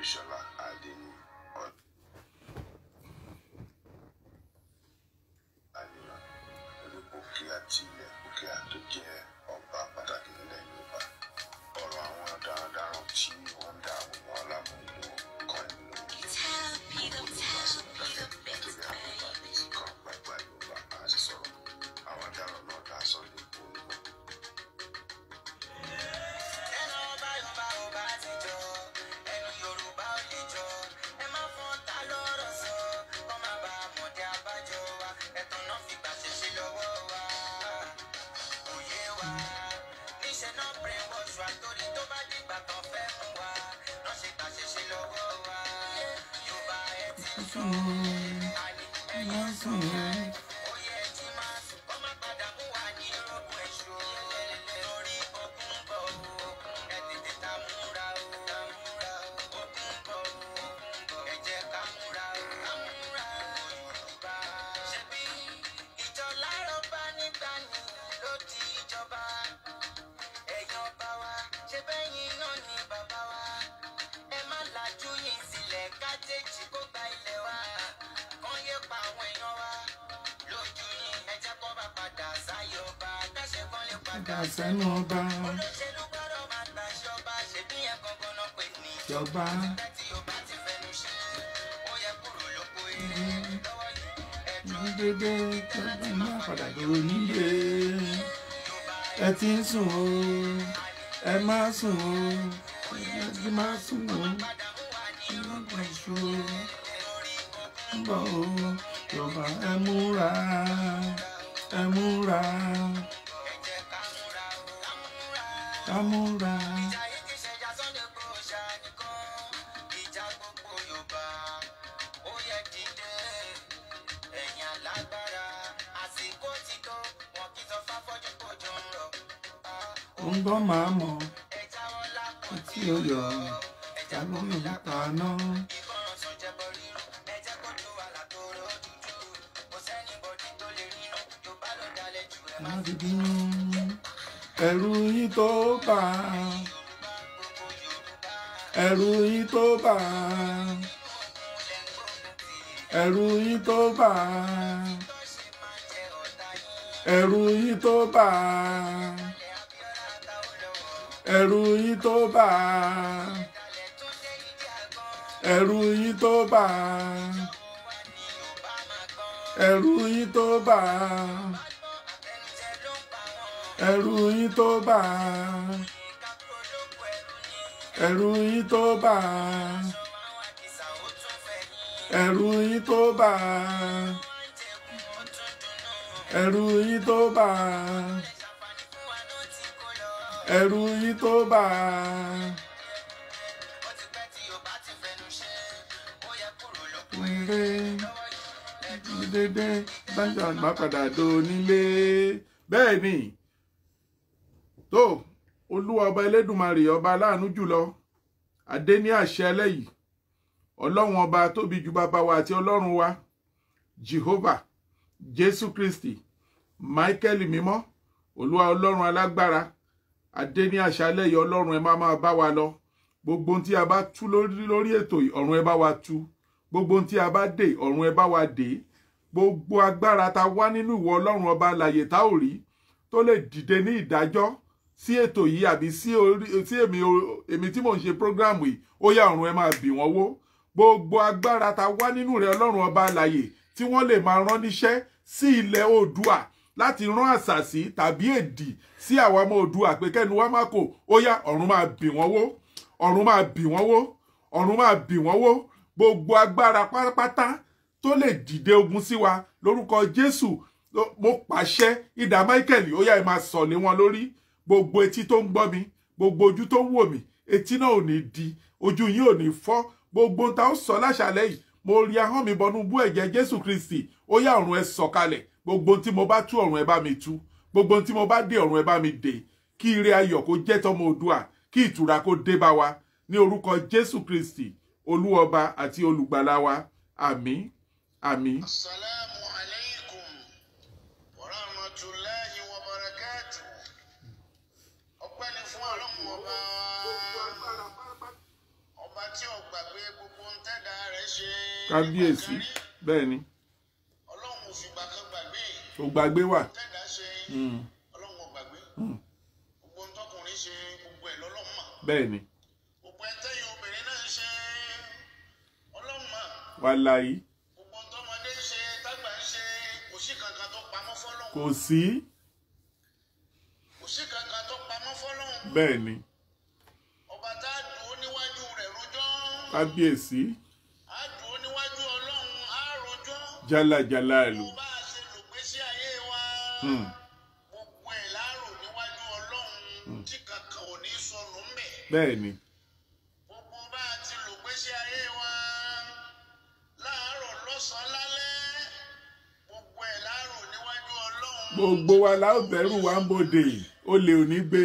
b i s sẹ́nu ọba. Jọba. Gbígbé tọ́jú máa padà dúró nílé. Ẹ ti ń sùn o, ẹ má sùn o, ẹ ti má sùn o. Ẹ má gbà ìṣó. Ń bọ̀ o, Jọba ẹ múra, ẹ múra. ẹ̀rù yín tó bà á ẹ̀rù yín tó bà á ẹ̀rù yín tó bà á ẹ̀rù yín tó bà á ẹ̀rù yín tó bà á ẹ̀rù yín tó bà á ẹ̀rù yín tó bà á ẹ̀rù yín tó bà á ẹ̀rù yín tó bà á ẹ̀rù yín tó bà á yín tó bà Bẹ́ẹ̀ ni tó olúwa ọba elédùnmarè ọba aláàánú jùlọ adé ní àṣẹ ẹlẹ́yìí ọlọ́run ọba tóbi ju bàbá wa àti ọlọ́run wa jehovah jésù kristi michael mímọ́ olúwa ọlọ́run alágbára adé ní àṣẹ ẹlẹ́yìí ọlọ́run ẹ máa máa bá wa lọ gbogbo ohun tí a bá tú lórí ètò ọ̀run ẹ bá wa tú gbogbo ohun tí a bá dè ọ̀run ẹ bá wa dè gbogbo agbára ta wá nínú ìwọ ọlọ́run ọba alàyè tá ò rí tó lè dìde ní ìdájọ́ sí ètò yìí àbí sí èmi tí mò ń ṣe prógráàmù yìí ó yá ọ̀run ẹ máa bì wọ́n wó gbogbo agbára ta wá nínú rẹ ọlọ́run ọba àlàyé tí wọ́n lè máa rán níṣẹ́ sí ilẹ̀ oòdùà láti rán àṣàsí tàbí èdì sí àwa ọmọ oòdùà pé kẹ́nu wá má kò ó yá ọ̀run máa bì wọ́n wó ọ̀run máa bì wọ́n wó ọ̀run máa bì wọ́n wó gbogbo agbára pátápátá tó lè dìde ogun sí wa lórúkọ jésù mo pàṣẹ idà michael ó yá ẹ máa sọ̀ lé wọn lórí gbogbo etí tó ń gbọ́ mi gbogbo ojú tó ń wò mí etí náà ò ní di ojú yín ò ní fọ́ gbogbo ohun ó sọ láṣàlẹ́ yìí mo rí ahọ́n mi bọnú bú ẹ̀jẹ̀ Jésù Kristi ó yá ọ̀run ẹ sọ̀kalẹ̀ gbogbo ohun tí mo bá tú ọ̀run ẹ bá mi tú gbogbo ohun tí mo bá dè ọ̀run ẹ bá mi dè kí ire ayọ̀ kó jẹ́ tọmọ Oòduà kí ìtura kó dé bá wa ní orúkọ Jésù Kristi olúọba àti olùgbàlà wa àmín àmín. kábíyèsí bẹ́ẹ̀ ni ò gbàgbé wà. Hmm. Hmm. bẹ́ẹ̀ ni. wàláyé. kò sí. kò sí kankan tó pamọ́ fọlọ́hún. bẹ́ẹ̀ ni. ọba tá a dùn ó níwájú rẹ̀ rojọ́. kábíyèsí. Si jálà jálà ìlú. bẹ́ẹ̀ gbogbo wa la ó bẹ̀rù wa ń bòde olè ò ní gbé.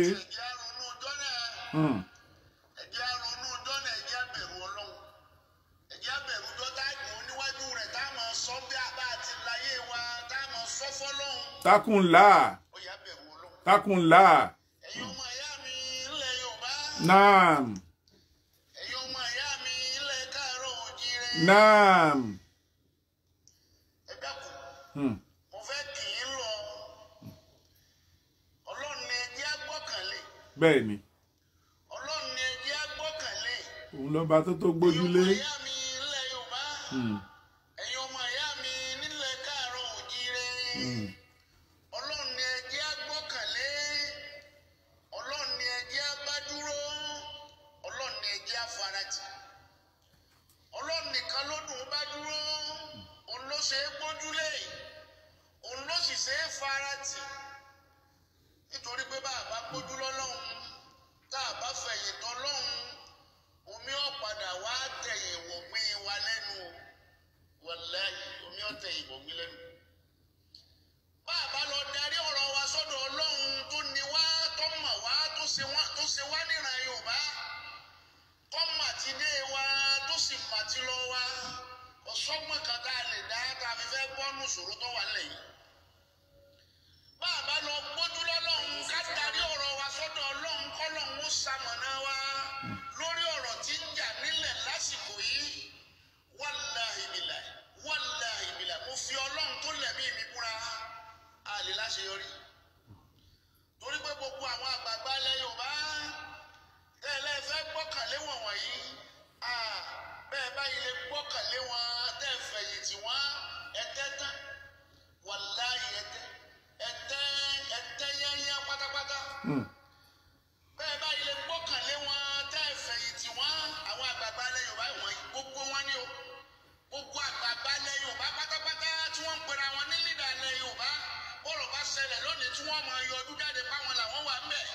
tá com lá tá com lá nam nam hmm. ni ẹjẹ́ agbọ́kànlé. òun lọ́ba tó tó gbójúlé. ẹ̀yin ọmọ ìyá nílẹ̀ yorùbá. ẹ̀yin ọmọ Hmm. bẹ́ẹ̀ báyìí lè gbọ́kànlé wọn tẹ́ ẹ fẹ̀yìntì wọn àwọn àgbààgbà ilẹ̀ Yorùbá ìwọ̀n gbogbo wọn ni o gbogbo àgbààgbà Yorùbá pátápátá tí wọ́n ń pera wọn ní lídà ilẹ̀ Yorùbá bọ́rọ̀ bá ṣẹlẹ̀ lónìí tí wọ́n máa yọ ọdún jáde páwọn làwọn wà ń bẹ̀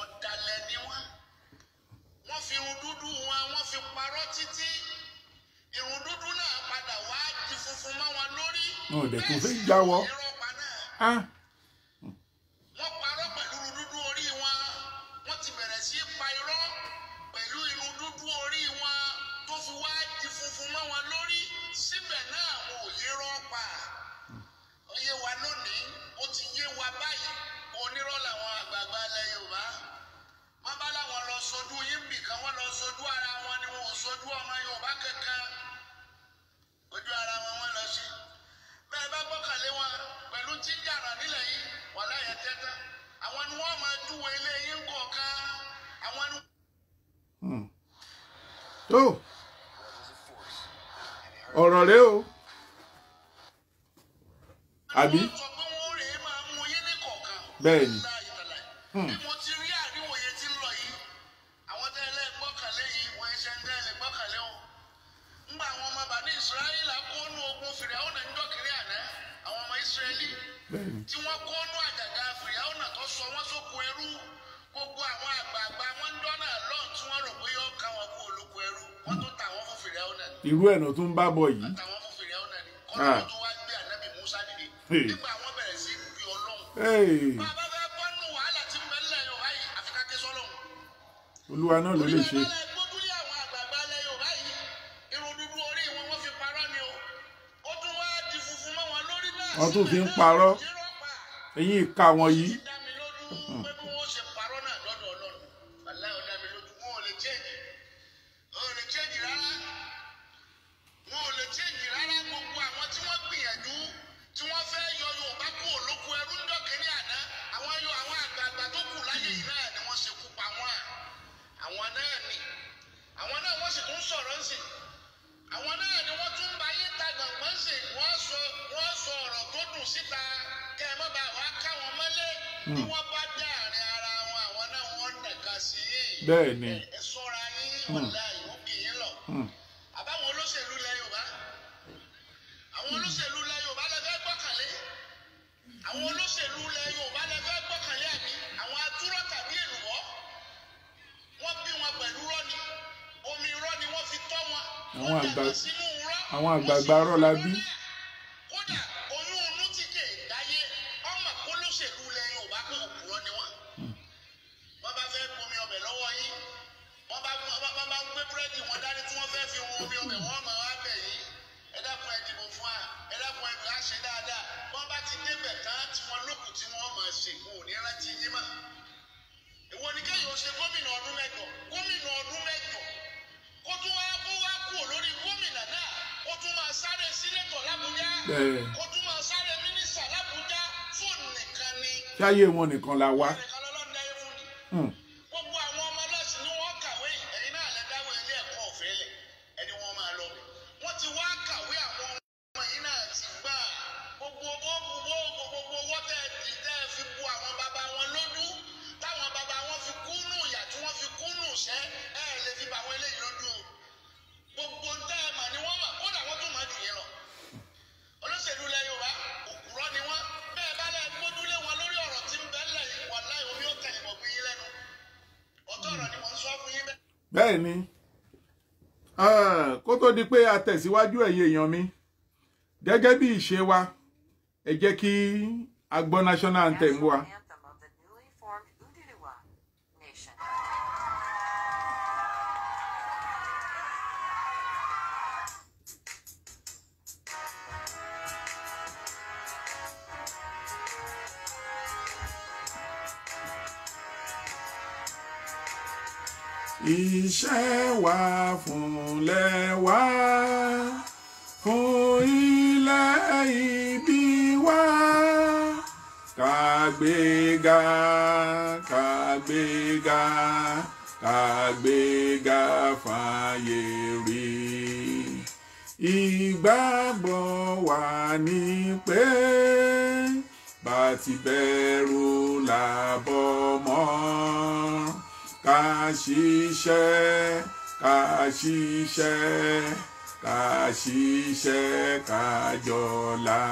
ọ̀dàlẹ̀ ni wọ́n wọ́n fi irun dúdú wọn wọ́n fi parọ́ títí irun dúdú náà padà wá di funfun mọ́ wọn lórí bẹ́ẹ̀ sì ìrọ̀pá náà. Ah. irú ẹ̀nà tó ń bá bọ̀ yìí. àtàwọn ah. Olúwa náà ló lè ṣe. wọ́n tún fi ń parọ́ ẹ̀yìn ìka wọn yìí. bí hmm. wọ́n bá dá àárín ara wọn àwọn i. bẹ́ẹ̀ ni. ẹ hmm. hmm. àwọn olóṣèlú ilẹ̀ Yorùbá bí. sáyé wọn nìkan la wá tẹ̀síwájú ẹ̀yin èèyàn mi gẹ́gẹ́ bí ìṣe wa ẹ jẹ́ kí a gbọ́ national anthem wa. Yeah, yeah. ní pé bá ti bẹ̀rù làbọ̀ mọ́ ká ṣiṣẹ́ ká ṣiṣẹ́ ká ṣiṣẹ́ ká jọlá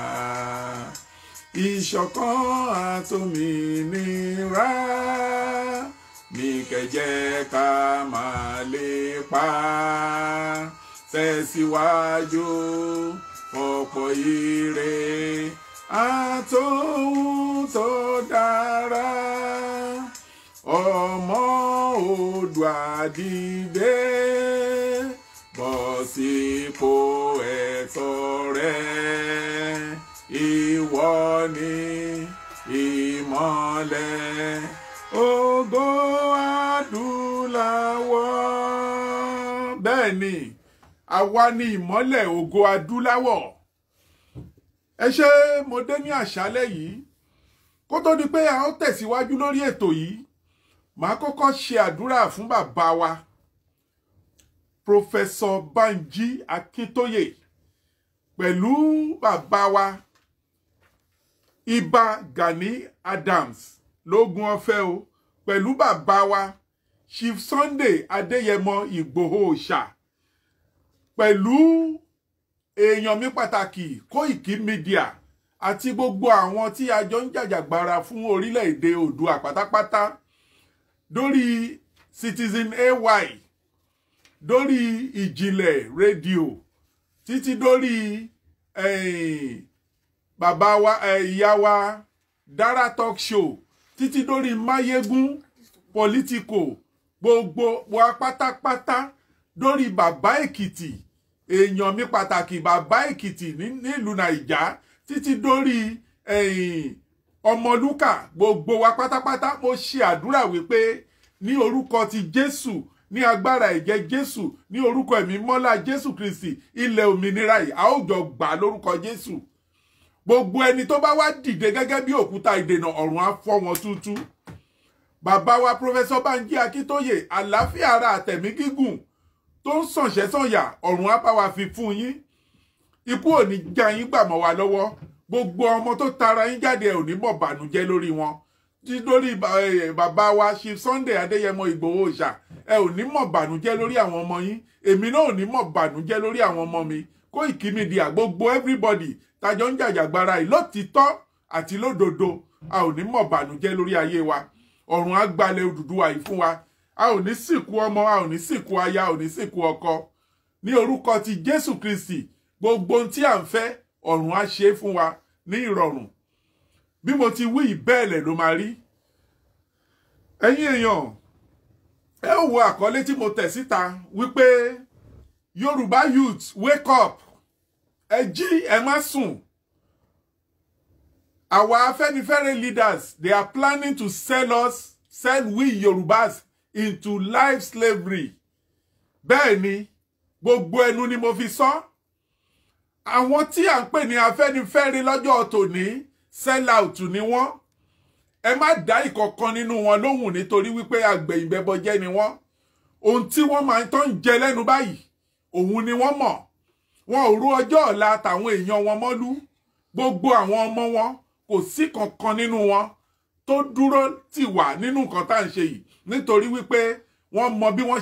ìṣọ̀kan àtòmìnira ní kẹjẹ ká máa lépa tẹ̀síwájú ọ̀pọ̀ ire àtòhun tó dára ọmọ odò àdìdé bọ́ sípò ẹ̀tọ́ rẹ ìwọ ni ìmọ́lẹ̀ ògo adúláwọ̀ bẹ́ẹ̀ àwa ni ìmọ́lẹ̀ ògo adúláwọ̀ ẹ ṣé mo dé ní àṣálẹ́ yìí kó tó di pé a ó tẹ̀síwájú lórí ètò yìí màá kọ́kọ́ ṣe àdúrà fún bàbá wa pòfẹsọ Banji Akíntóyè pẹ̀lú bàbá wa Ìbà Gani Adams lógún ọ̀fẹ́ o pẹ̀lú bàbá wa Chief Sunday Adéyẹmọ Ìgbòho pẹ̀lú èèyàn mi pàtàkì Koiki Media àti gbogbo àwọn tí a jọ ń jàjàgbara fún orílẹ̀-èdè Oòduà pátápátá dórí Citizen AY dórí ìjìnlẹ̀ rédíò títí dórí eh, bàbá wa eh, ìyá eh, wa Dara Talk Show títí dórí Mayegun Politico gbogbo wa pátápátá lórí bàbá èkìtì èèyàn mi pàtàkì bàbá èkìtì nílùú nàìjà títí dórí ọmọlúkà gbogbo wa pátápátá mo ṣe àdúrà wípé ní orúkọ ti jésù ní agbára ẹ̀jẹ̀ jésù ní orúkọ ẹ̀mí mọ́lá jésù kristi ilẹ̀ òmìnira yìí a ó jọ gbà lórúkọ jésù gbogbo ẹni tó bá wá dìde gẹ́gẹ́ bí òkúta ìdènà ọ̀run á fọ́ wọn túútúú bàbá wa pọfẹsọ banji akíntóyè àlàáfíà ara àtẹ̀mí gígùn tó ń sànṣẹ́ sànyà ọ̀run á bá wa fi fún yín ikú ò ní já yín gbà mọ́ wa lọ́wọ́ gbogbo ọmọ tó tara yín jáde ẹ̀ ò ní bànújẹ́ lórí wọn lórí eh, bàbá wa Chief Sunday Adéyẹmọ Ìgbòho Òòṣà ẹ ò ní mọ̀ bànújẹ́ lórí àwọn ọmọ yín èmi náà ò ní mọ̀ bànújẹ́ lórí àwọn ọmọ mi kó ìkímìdìà gbogbo everybody tajọ ń jàjàgbara yìí lótìtọ́ àti lódodo a ò ní mọ̀ bànújẹ́ lórí ayé wa ọ̀run á gbalẹ̀ Odùduwà yìí fún wa a ò ní sìnkú ọmọ a ò ní sìnkú aya a ò ní sìnkú ọkọ ní orúkọ ti Jésù Kristi gbogbo ohun tí à ń fẹ́ ọ̀run á ṣe fún wa ní ìrọ̀rùn bí mo ti wí ìbẹ́ẹ̀lẹ̀ ló máa rí ẹ̀yin èèyàn ẹ ó wo àkọlé tí mo tẹ̀ síta wípé Yorùbá youth wake up ẹ jí ẹ má sùn our Afẹ́nifẹ́re leaders they are planning to sell us sell we Yorubas into life slavery bẹ́ẹ̀ ni gbogbo ẹnu ni mo fi sọ àwọn tí à ń pè ní afẹ́nifẹ́re lọ́jọ́ tòní sell out ni wọ́n ẹ má dá ìkọ̀kan nínú wọn lóhùn nítorí wípé àgbẹ̀yìnbẹ̀bọjẹ́ ni wọ́n ohun tí wọ́n máa ń tán jẹ lẹ́nu báyìí òun ni wọ́n mọ̀ wọn ò rú ọjọ́ ọ̀la tàwọn èèyàn wọn mọ́lú gbogbo àwọn ọmọ wọn kò sí kankan nínú wọn tó dúró tì wá nínú nǹkan tá à ń ṣe yìí nítorí wípé wọ́n mọ bí wọ́n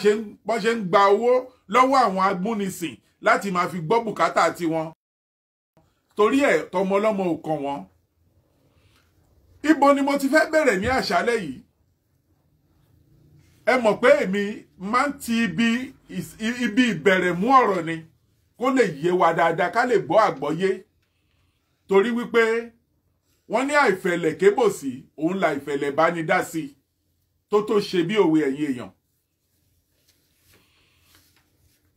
ṣe ń gba owó lọ́wọ́ àwọn agbónisìn láti máa fi gbọ́ bùkátà tiwọn torí ẹ̀ tọmọ ọlọ́mọ ò kàn wọ́n. ibo ni mo ti fẹ́ bẹ̀rẹ̀ ní àṣálẹ́ yìí ẹ mọ̀ pé èmi máa ń ti ibi ìbẹ̀rẹ̀ mú ọ̀rọ̀ ni kó lè yé wa dáadáa ká lè gbọ́ àgbọ́yé torí wípé wọ́n ní àìfẹ̀lẹ̀ kébòsí òun la ìfẹ̀lẹ̀ bá ní dá sí i tó tó ṣe bí òwe ẹ̀yin èèyàn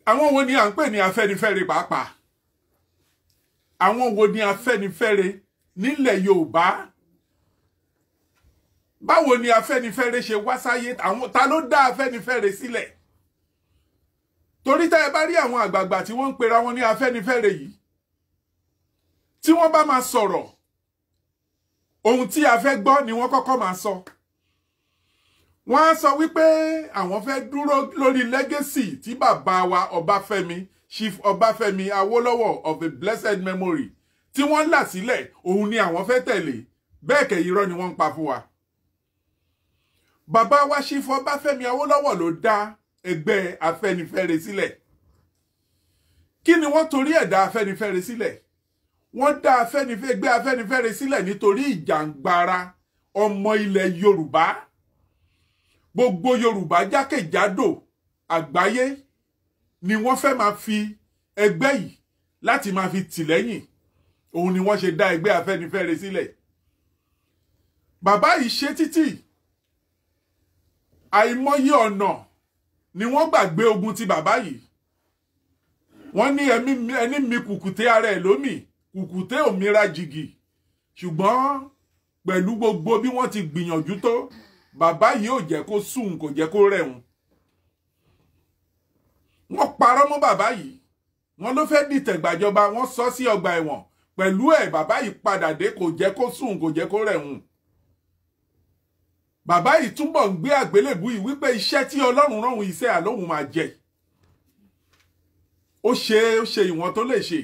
àwọn wo ni à ń pè ní afẹ́nifẹ́re pàápàá àwọn wo ni afẹ́nifẹ́re nílẹ̀ Yorùbá báwo ni afẹ́nifẹ́re ṣe wá sáyé àwọn ta ló dá afẹ́nifẹ́re sílẹ̀ torí tá ẹ bá rí àwọn àgbààgbà tí wọ́n ń pera wọn ní afẹ́nifẹ́re yìí tí wọ́n bá máa sọ̀rọ̀ ohun tí a fẹ́ gbọ́ ni wọ́n kọ́kọ́ máa sọ. So wọ́n á sọ wípé àwọn fẹ́ dúró lórí legacy tí bàbá wa ọbáfẹ́mi chief ọbáfẹ́mi awólọ́wọ̀ of a blessed memory tí wọ́n là sílẹ̀ òun ni àwọn fẹ́ tẹ̀lé bẹ́ẹ̀ kẹ̀ irọ́ ni wọ́n ń pa fún wa. bàbá wa chief ọbáfẹ́mi awólọ́wọ̀ ló dá ẹgbẹ́ afẹ́nifẹ́re sílẹ̀ kí ni wọ́n torí ẹ̀dá afẹ́nifẹ́re sílẹ̀ wọ́n dá afẹ́nifẹ́ ẹgbẹ́ afẹ́nifẹ́re sílẹ̀ nítorí ìjàǹgbara ọmọ ilẹ̀ yorùbá gbogbo yorùbá jákèjádò àgbáyé ni wọ́n fẹ́ máa fi ẹgbẹ́ yìí láti máa fi tìlẹ́yìn òun ni wọ́n ṣe dá ẹgbẹ́ afẹ́nifẹ́re sílẹ̀ bàbá yìí ṣe títì àìmọye ọ̀nà ni wọ́n gbàgbé ogun ti bàbá yìí wọ́n ní ẹni mi kùkùté ara ẹ̀ lómì kùkùté òmìnira jìgì ṣùgbọ́n pẹ̀lú gbogbo bí wọ́n ti gbìyànjú tó bàbá yìí ò jẹ́ kó sùn kò jẹ́ kó rẹ̀hùn wọ́n parọ́ mọ́ bàbá yìí wọ́n ló fẹ́ dìtẹ̀ gbàjọba wọ́n sọ sí ọgbà ẹ̀wọ̀n pẹ̀lú ẹ̀ bàbá yìí padà dé kò jẹ́ kó sùn kò jẹ́ kó rẹ̀hùn bàbá yìí túbọ̀ ń gbé àgbélébù yìí wípé iṣẹ́ tí ọlọ́run rọ̀hún iṣẹ́ àlóhùn máa jẹ ó ṣe ó ṣe ìwọ̀n tó lè ṣe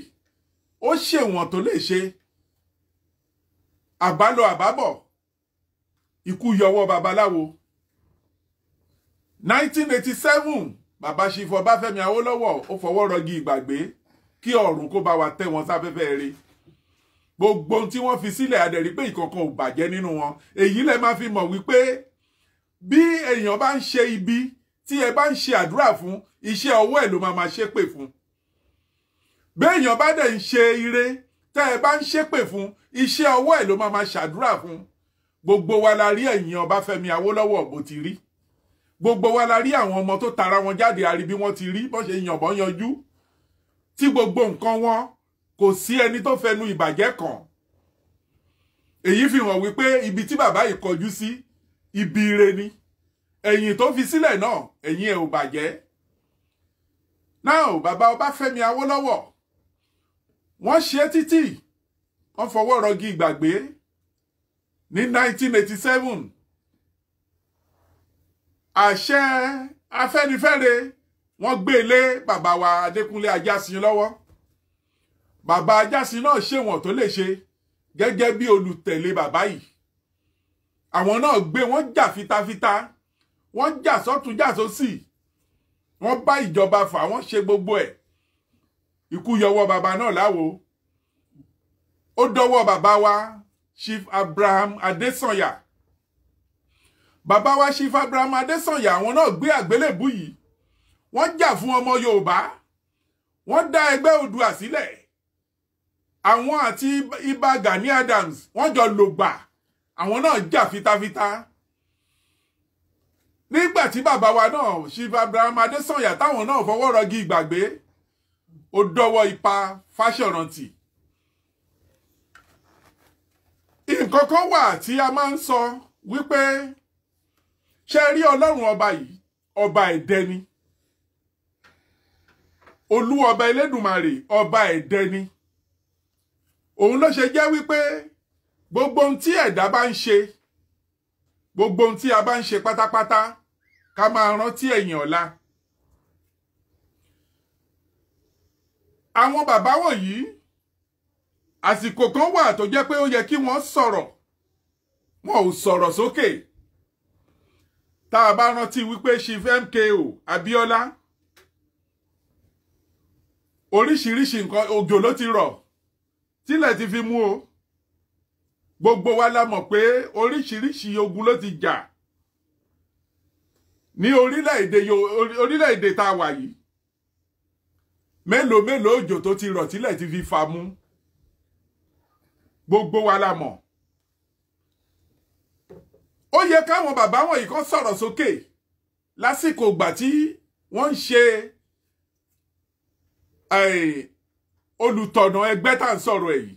ó ṣe ìwọ̀n tó lè ṣe àbálọ àbábọ̀ ikú yọwọ́ babaláwo 1987 bàbá ṣìfọ báfẹ́mi awólọ́wọ̀ ó fọwọ́ rọgí ìgbàgbé kí ọ̀run kó bá wa tẹ́ wọn sáfẹ́fẹ́ rí gbogbo ohun tí wọ́n fi sílẹ̀ adẹ̀rí pé ìkọ̀kan ò bàjẹ́ nínú wọn èyí lẹ máa fi mọ̀ wípé bí èèyàn bá ń ṣe ibi tí ẹ bá ń ṣe àdúrà fún iṣẹ́ ọwọ́ ẹ̀ ló máa máa ṣépè fún béèyàn bá dẹ̀ ń ṣe ire tẹ́ ẹ bá ń ṣépè fún iṣẹ́ ọwọ́ ẹ̀ ló máa máa ṣàdúrà fún gbogbo wa la rí ẹ̀yìn Ọbáfẹ́mi Awólọ́wọ̀ bó ti rí gbogbo wa la rí àwọn ọmọ tó tara wọn jáde àrí bí wọ́n ti rí bó ṣe yànbọn yanjú tí gbogbo nǹkan wọn kò sí ẹni tó fẹnu ìbàjẹ́ kàn èyí fi hàn wípé ibi tí bàbá yìí kọjú sí ibi ire ni ẹ̀yìn tó fi sílẹ̀ náà ẹ̀yìn ẹ̀ ò bàjẹ́ now bàbá Ọbáfẹ́mi Awólọ́wọ̀ wọ́n ṣe títì wọ́n fọwọ́ rọgí ìgbàgbé ní 1987 àṣẹ afẹ́nifẹ́re wọ́n gbé lé bàbá wa adékúnlé ajásin lọ́wọ́ bàbá ajásin náà ṣèwọ̀n tó lè ṣe gẹ́gẹ́ bí olùtẹ̀lé bàbá yìí àwọn náà gbé wọ́n jà fitafita wọ́n jà sọ́tún jà sósì wọ́n bá ìjọba fà wọ́n ṣe gbogbo ẹ̀ ikú yọwọ́ bàbá náà láwo ó dọwọ́ bàbá wa Chief Abraham Adesanya bàbá wa Chief Abraham Adesanya àwọn náà gbé àgbélébù yìí wọ́n jà fún ọmọ Yorùbá wọ́n dá ẹgbẹ́ Oòduà sílẹ̀ àwọn àti Ìbà Gani Adams wọ́n jọ lògbà àwọn náà jà fitafita nígbà tí bàbá wa náà Chief Abraham Adesanya táwọn náà fọwọ́ rọgí ìgbàgbé ó dọwọ́ ipa Fáṣọ̀rántì nǹkan kan wà tí a máa ń sọ wípé ṣe rí ọlọ́run ọba yìí ọba ẹ̀dẹ́ ni olú ọba elédùnmarè ọba ẹ̀dẹ́ ni òun ló ṣe jẹ́ wípé gbogbo ohun tí ẹ̀dá bá ń ṣe gbogbo ohun tí a bá ń ṣe pátápátá ká máa rántí ẹ̀yìn ọ̀la àwọn bàbá wọ̀nyí àsìkò kan wà tó jẹ́ pé ó yẹ kí wọ́n sọ̀rọ̀ wọn ò sọ̀rọ̀ sókè tá a bá rántí wípé chief MKO Abiola oríṣiríṣi nǹkan òjò ló ti rọ̀ tílẹ̀ ti fi mú o gbogbo wa la mọ̀ pé oríṣiríṣi ogun ló ti jà ní orílẹ̀-èdè orílẹ̀-èdè tá a wà yìí mélòó mélòó òjò tó ti rọ̀ tílẹ̀ ti fi fà mú gbogbo wa la mọ̀ ó yẹ káwọn bàbá wọ̀nyí kan sọ̀rọ̀ sókè lásìkò ìgbà tí wọ́n ń ṣe olùtọ̀nà ẹgbẹ́ tá à ń sọ̀rọ̀ èyí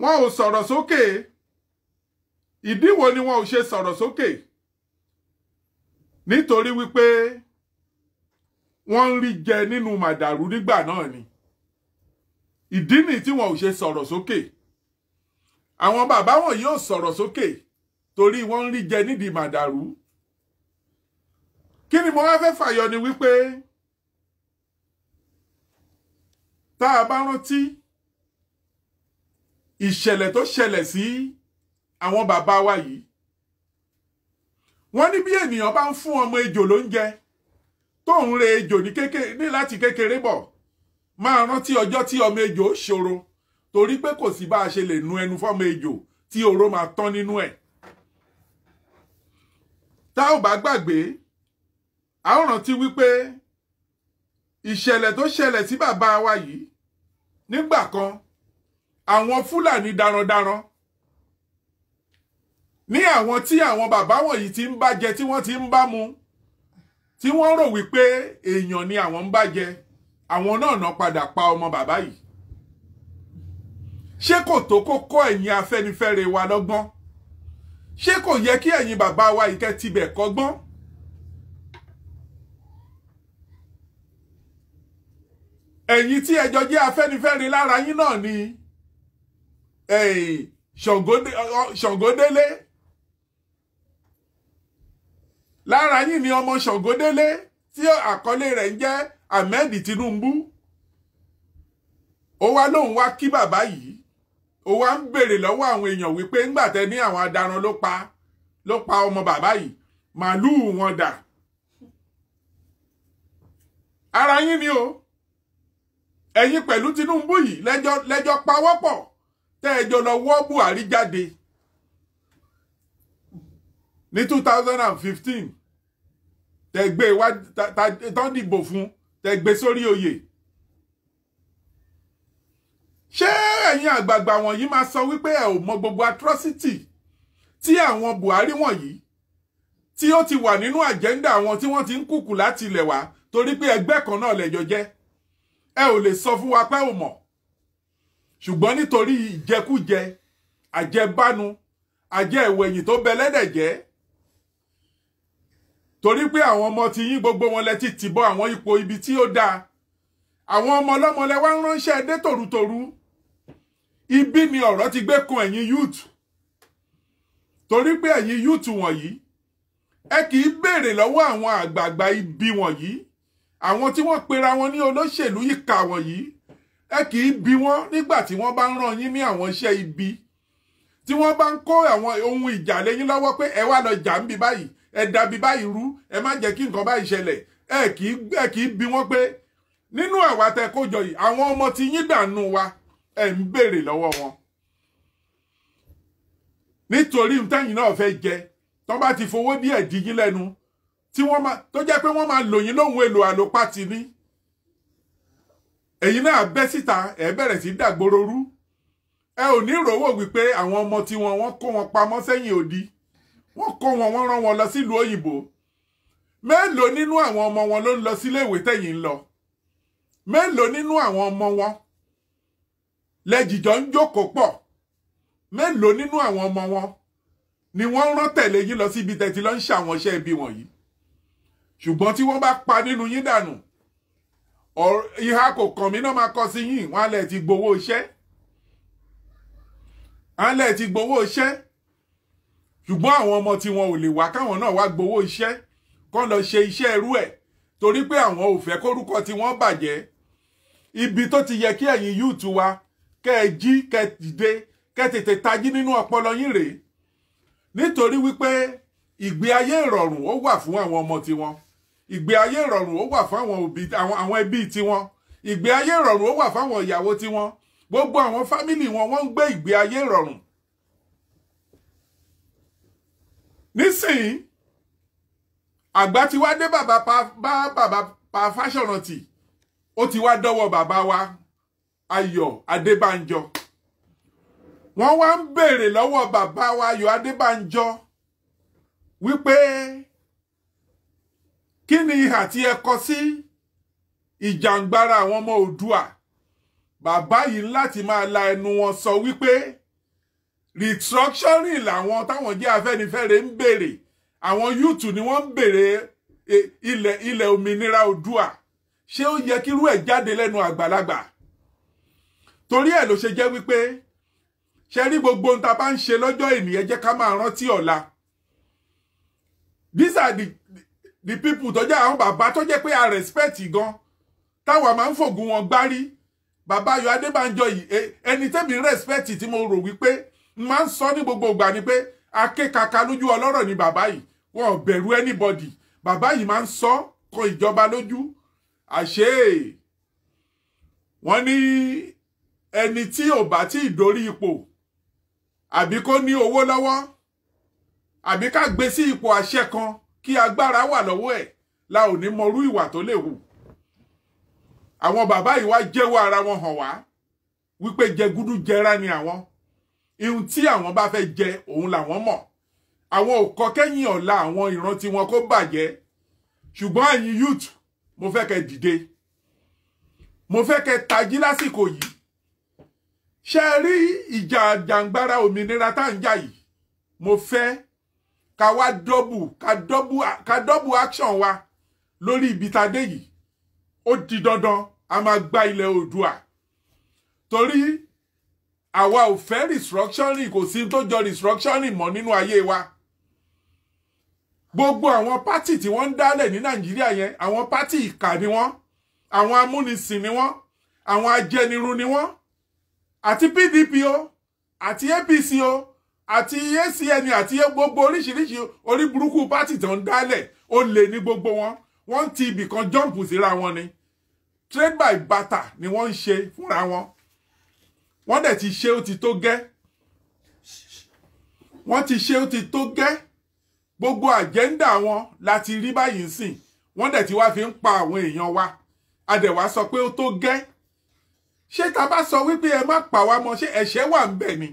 wọn ò sọ̀rọ̀ sókè ìdí wo ni wọn ò ṣe sọ̀rọ̀ sókè nítorí wípé wọ́n ń rí jẹ nínú màdàrú nígbà náà ni ìdí nìyí tí wọn ò ṣe sọ̀rọ̀ sókè. So àwọn bàbá wọn yóò sọ̀rọ̀ sókè torí wọ́n ń rí jẹ nídìí màdàrú kí ni mo wá fẹ́ fàyọ ni wípé tá a bá rántí ìṣẹ̀lẹ̀ tó ṣẹlẹ̀ sí àwọn bàbá wa yìí wọ́n ní bí ènìyàn bá ń fún ọmọ ejò lóúnjẹ tó ń re ejò ní láti kékeré bọ̀ máa rántí ọjọ́ tí ọmọ ejò ṣòro torí pé kò sí bá a ṣe lè nu ẹnu fọ́mọ ejò tí oró máa tán nínú ẹ̀ tá ò bá gbàgbé a ó rántí wípé ìṣẹ̀lẹ̀ tó ṣẹlẹ̀ sí bàbá wa yìí nígbà kan àwọn Fúlàní darandaran ní àwọn tí àwọn bàbá wọ̀nyí ti ń bá jẹ tí wọ́n ti ń bá mu tí wọ́n rò wípé èèyàn ni àwọn ń bá àwọn náà ná padà pa ọmọ bàbá yìí ṣé kò tó kó kọ́ ẹ̀yin afẹ́nifẹ́re wa lọ́gbọ́n ṣé kò yẹ kí ẹ̀yin bàbá wa ìkẹ́ tibẹ̀ kọ́gbọ́n ẹ̀yin tí ẹjọ́ jẹ́ afẹ́nifẹ́re lára yín náà ni ṣàngódélé lára yín ni ọmọ ṣàngódélé tí àkọlé rẹ̀ ń jẹ́ ahmed tinubu ó wá lóun wá kí bàbá yìí ó wá ń béèrè lọ́wọ́ àwọn èèyàn wípé ńgbà tẹ ní àwọn adarun ló pa ló pa ọmọ bàbá yìí màálùú wọn dà ara yín ni o ẹ̀yin pẹ̀lú Tinubu yìí lẹ́jọ́ lẹ́jọ́ pawọ́pọ̀ tẹ́ ẹ jọ lọ wọ́ Buhari jáde ní 2015 tẹ́ gbé don tọ́ dìbò fún tẹ́ gbé sórí oyè ṣé ẹ̀yin àgbààgbà wọ̀nyí máa sọ wípé ẹ ò mọ gbogbo atrocity tí àwọn Buhari wọ̀nyí tí ó ti wà nínú àjẹ́ndà àwọn tí wọ́n ti ń kùkù láti ilẹ̀ wá torí pé ẹgbẹ́ kan náà lẹ́jọ jẹ́ ẹ ò lè sọ fún wa pé ò mọ̀ ṣùgbọ́n nítorí ìjẹkújẹ àjẹbánu àjẹ ìwẹ̀yìn tó bẹ lẹ́dẹ̀ jẹ́ torí pé àwọn ọmọ ti yín gbogbo wọn lẹ ti tìbọ àwọn ipò ibi tí ó dáa àwọn ọmọ ọlọ́mọ ń ránṣẹ́ dé tòrutòru ibi ni ọ̀rọ̀ ti gbé kun ẹ̀yin youth torí pé ẹ̀yin youth wọ̀nyí ẹ kì í béèrè lọ́wọ́ àwọn àgbààgbà ibi wọ̀nyí àwọn tí wọ́n pera wọn ní olóṣèlú ìka wọ̀nyí ẹ kì í bi wọ́n nígbà tí wọ́n bá ń ràn yín ní àwọn iṣẹ́ ibi tí wọ́n bá ń kó àwọn ohun ìjà lẹ́yìn lọ́wọ́ pé ẹ wá lọ jà ń bi báyìí ẹ dàbí báyìí rú ẹ má jẹ́ kí nǹkan báyìí ṣẹlẹ̀ ẹ kì í bi wọ́n pé nínú àwa tẹ kó jọ yìí àwọn ọmọ ti yín dànù wa ẹ̀ ń béèrè lọ́wọ́ wọn nítorí tẹ́yìn náà fẹ́ jẹ tán bá ti fowó díẹ̀ díyín lẹ́nu tí wọ́n máa tó jẹ́ pé wọ́n máa lò yín lóhun èlò àlòpàtì ní èyí náà bẹ́ síta ẹ̀ bẹ̀rẹ̀ sí dàgbòrò rú ẹ ò ní ìrówó wípé àwọn ọmọ tí wọn wọ́n kó wọn pamọ́ sẹ́yìn odi wọ́n kó wọn wọ́n rán wọn lọ sílùú òyìnbó mélòó nínú àwọn ọmọ wọn ló ń lọ síléèwé tẹ̀yìn ń lọ mélòó nínú àwọn ọmọ wọn lẹ́jìjọ́ ń jókòó pọ̀ mélòó nínú àwọn ọmọ wọn ni wọ́n rán tẹ̀lé yín lọ síbi tẹ̀tí lọ ń ṣàwọn iṣẹ́ ibi wọ̀nyí ṣùgbọ́n tí wọ́n bá pa nínú yín dànù ìhà kò kàn mí náà máa kọ sí yín wọ́n á lẹ̀ ti gbowó iṣẹ́ á lẹ̀ ti gbowó iṣẹ́ ṣùgbọ́n àwọn ọmọ tí wọn ò lè wá káwọn náà wá gbowó iṣẹ́ kán lọ ṣe iṣẹ́ irú ẹ̀ torí pé àwọn ò fẹ́ kórúkọ tí wọ́n bàjẹ́ ibi tó ti yẹ kí ẹ̀yin yúùtù wa kẹ́ ẹ jí kẹ́ ẹ dìde kẹ́ ẹ tètè tají nínú ọpọlọ yín rèé nítorí wípé ìgbé ayé ìrọ̀rùn ó wà fún àwọn ọmọ tiwọn ìgbé ayé ìrọ̀rùn ó wà fún àwọn ẹbí tiwọn ìgbé ayé ìrọ̀rùn ó wà fáwọn ìyàwó tiwọn gbogbo àwọn fámìlì wọn wọ́n ń gbé ìgbé ayé ìrọ̀rùn nísìnyí àgbà ti wá dé bàbá pa bàbá pa Fáṣọ̀rántì ó ti wá dọ́wọ́ bàbá wa ayọ̀ adébánjọ wọ́n wá ń béèrè lọ́wọ́ bàbá wa ayọ̀ adébánjọ wípé kí ni ìhà tí ẹ kọ sí ìjàngbara àwọn ọmọ òdua bàbá yìí láti máa la ẹnu wọn sọ wípé restructuring làwọn táwọn jẹ́ afẹ́nifẹ́re ń béèrè àwọn yúùtù ni wọ́n ń béèrè e, ilẹ̀ ilẹ̀ òmìnira òdua ṣé ó yẹ kírú ẹ̀ jáde lẹ́nu àgbàlagbà torí ẹ̀ ló ṣe jẹ́ wípé ṣe rí gbogbo ohun tá a bá ń ṣe lọ́jọ́ ènìyàn jẹ́ ká máa rántí ọ̀la these are the the people tó jẹ́ àwọn bàbá tó jẹ́ pé a respect gan táwa máa ń fògùn wọn gbárí bàbá Ayọ̀ Adébánjọ yìí e, ẹni tẹ́mi respect tí mo rò wípé máa ń sọ ní gbogbo ìgbà ni pé akékaka lójú ọlọ́rọ̀ ni bàbá yìí wọn ò bẹ̀rù anybody bàbá yìí máa ń sọ kan ìjọba lójú àṣé wọ́n ní ẹni tí ò bá tí ì dórí ipò àbí kó ní owó lọ́wọ́ àbí ká gbé sí ipò àṣẹ kan kí agbára wà lọ́wọ́ ẹ̀ la ò ní mọrú ìwà tó lè wù àwọn bàbá yìí wá jẹ́wọ́ ara wọn hàn wá wípé jẹgúdú jẹra ni àwọn ihun tí àwọn bá fẹ́ jẹ òun làwọn mọ̀ àwọn ò kọ kẹ́yìn ọ̀la àwọn ìran tí wọn kó bàjẹ́ ṣùgbọ́n ẹ̀yin youth mo fẹ́ kẹ́ dìde mo fẹ́ kẹ́ tají lásìkò yìí ṣe rí ìjà jàǹgbára òmìnira tá ń jà yìí mo fẹ́ ká wá dọ́bù ká dọ́bù action wa lórí ibi tá a dé yìí ó di dandan a máa gba ilẹ̀ oòdùà torí àwa ò fẹ́ restructuring kò sí tó jọ restructuring mọ́ nínú ayé wa gbogbo àwọn pátì tí wọ́n ń dálẹ̀ ní nàìjíríà yẹn àwọn pátì ìkà ni wọ́n àwọn amúnisìn ni wọ́n àwọn ajẹnirun ni wọ́n àti PDP o àti APC o àti ACN àti gbogbo oríṣiríṣi orí burúkú pátì tó ń dálẹ̀ ó lè ní gbogbo wọn wọ́n ti ibì kan jọ́ǹpù síra wọn ni trade by barter ni wọ́n ń ṣe fúnra wọn wọ́n dẹ̀ ti ṣe ó ti tó gẹ́ wọ́n ti ṣe ó ti tó gẹ́ gbogbo àjẹ́ńdà wọn láti rí báyìí sìn wọ́n dẹ̀ ti wá fi ń pa àwọn èèyàn wa adẹ̀wà sọ pé ó tó gẹ́ ṣé ta bá sọ wípé ẹ má pa wá mọ́ ṣé ẹ̀ṣẹ̀ wà ń bẹ̀ ni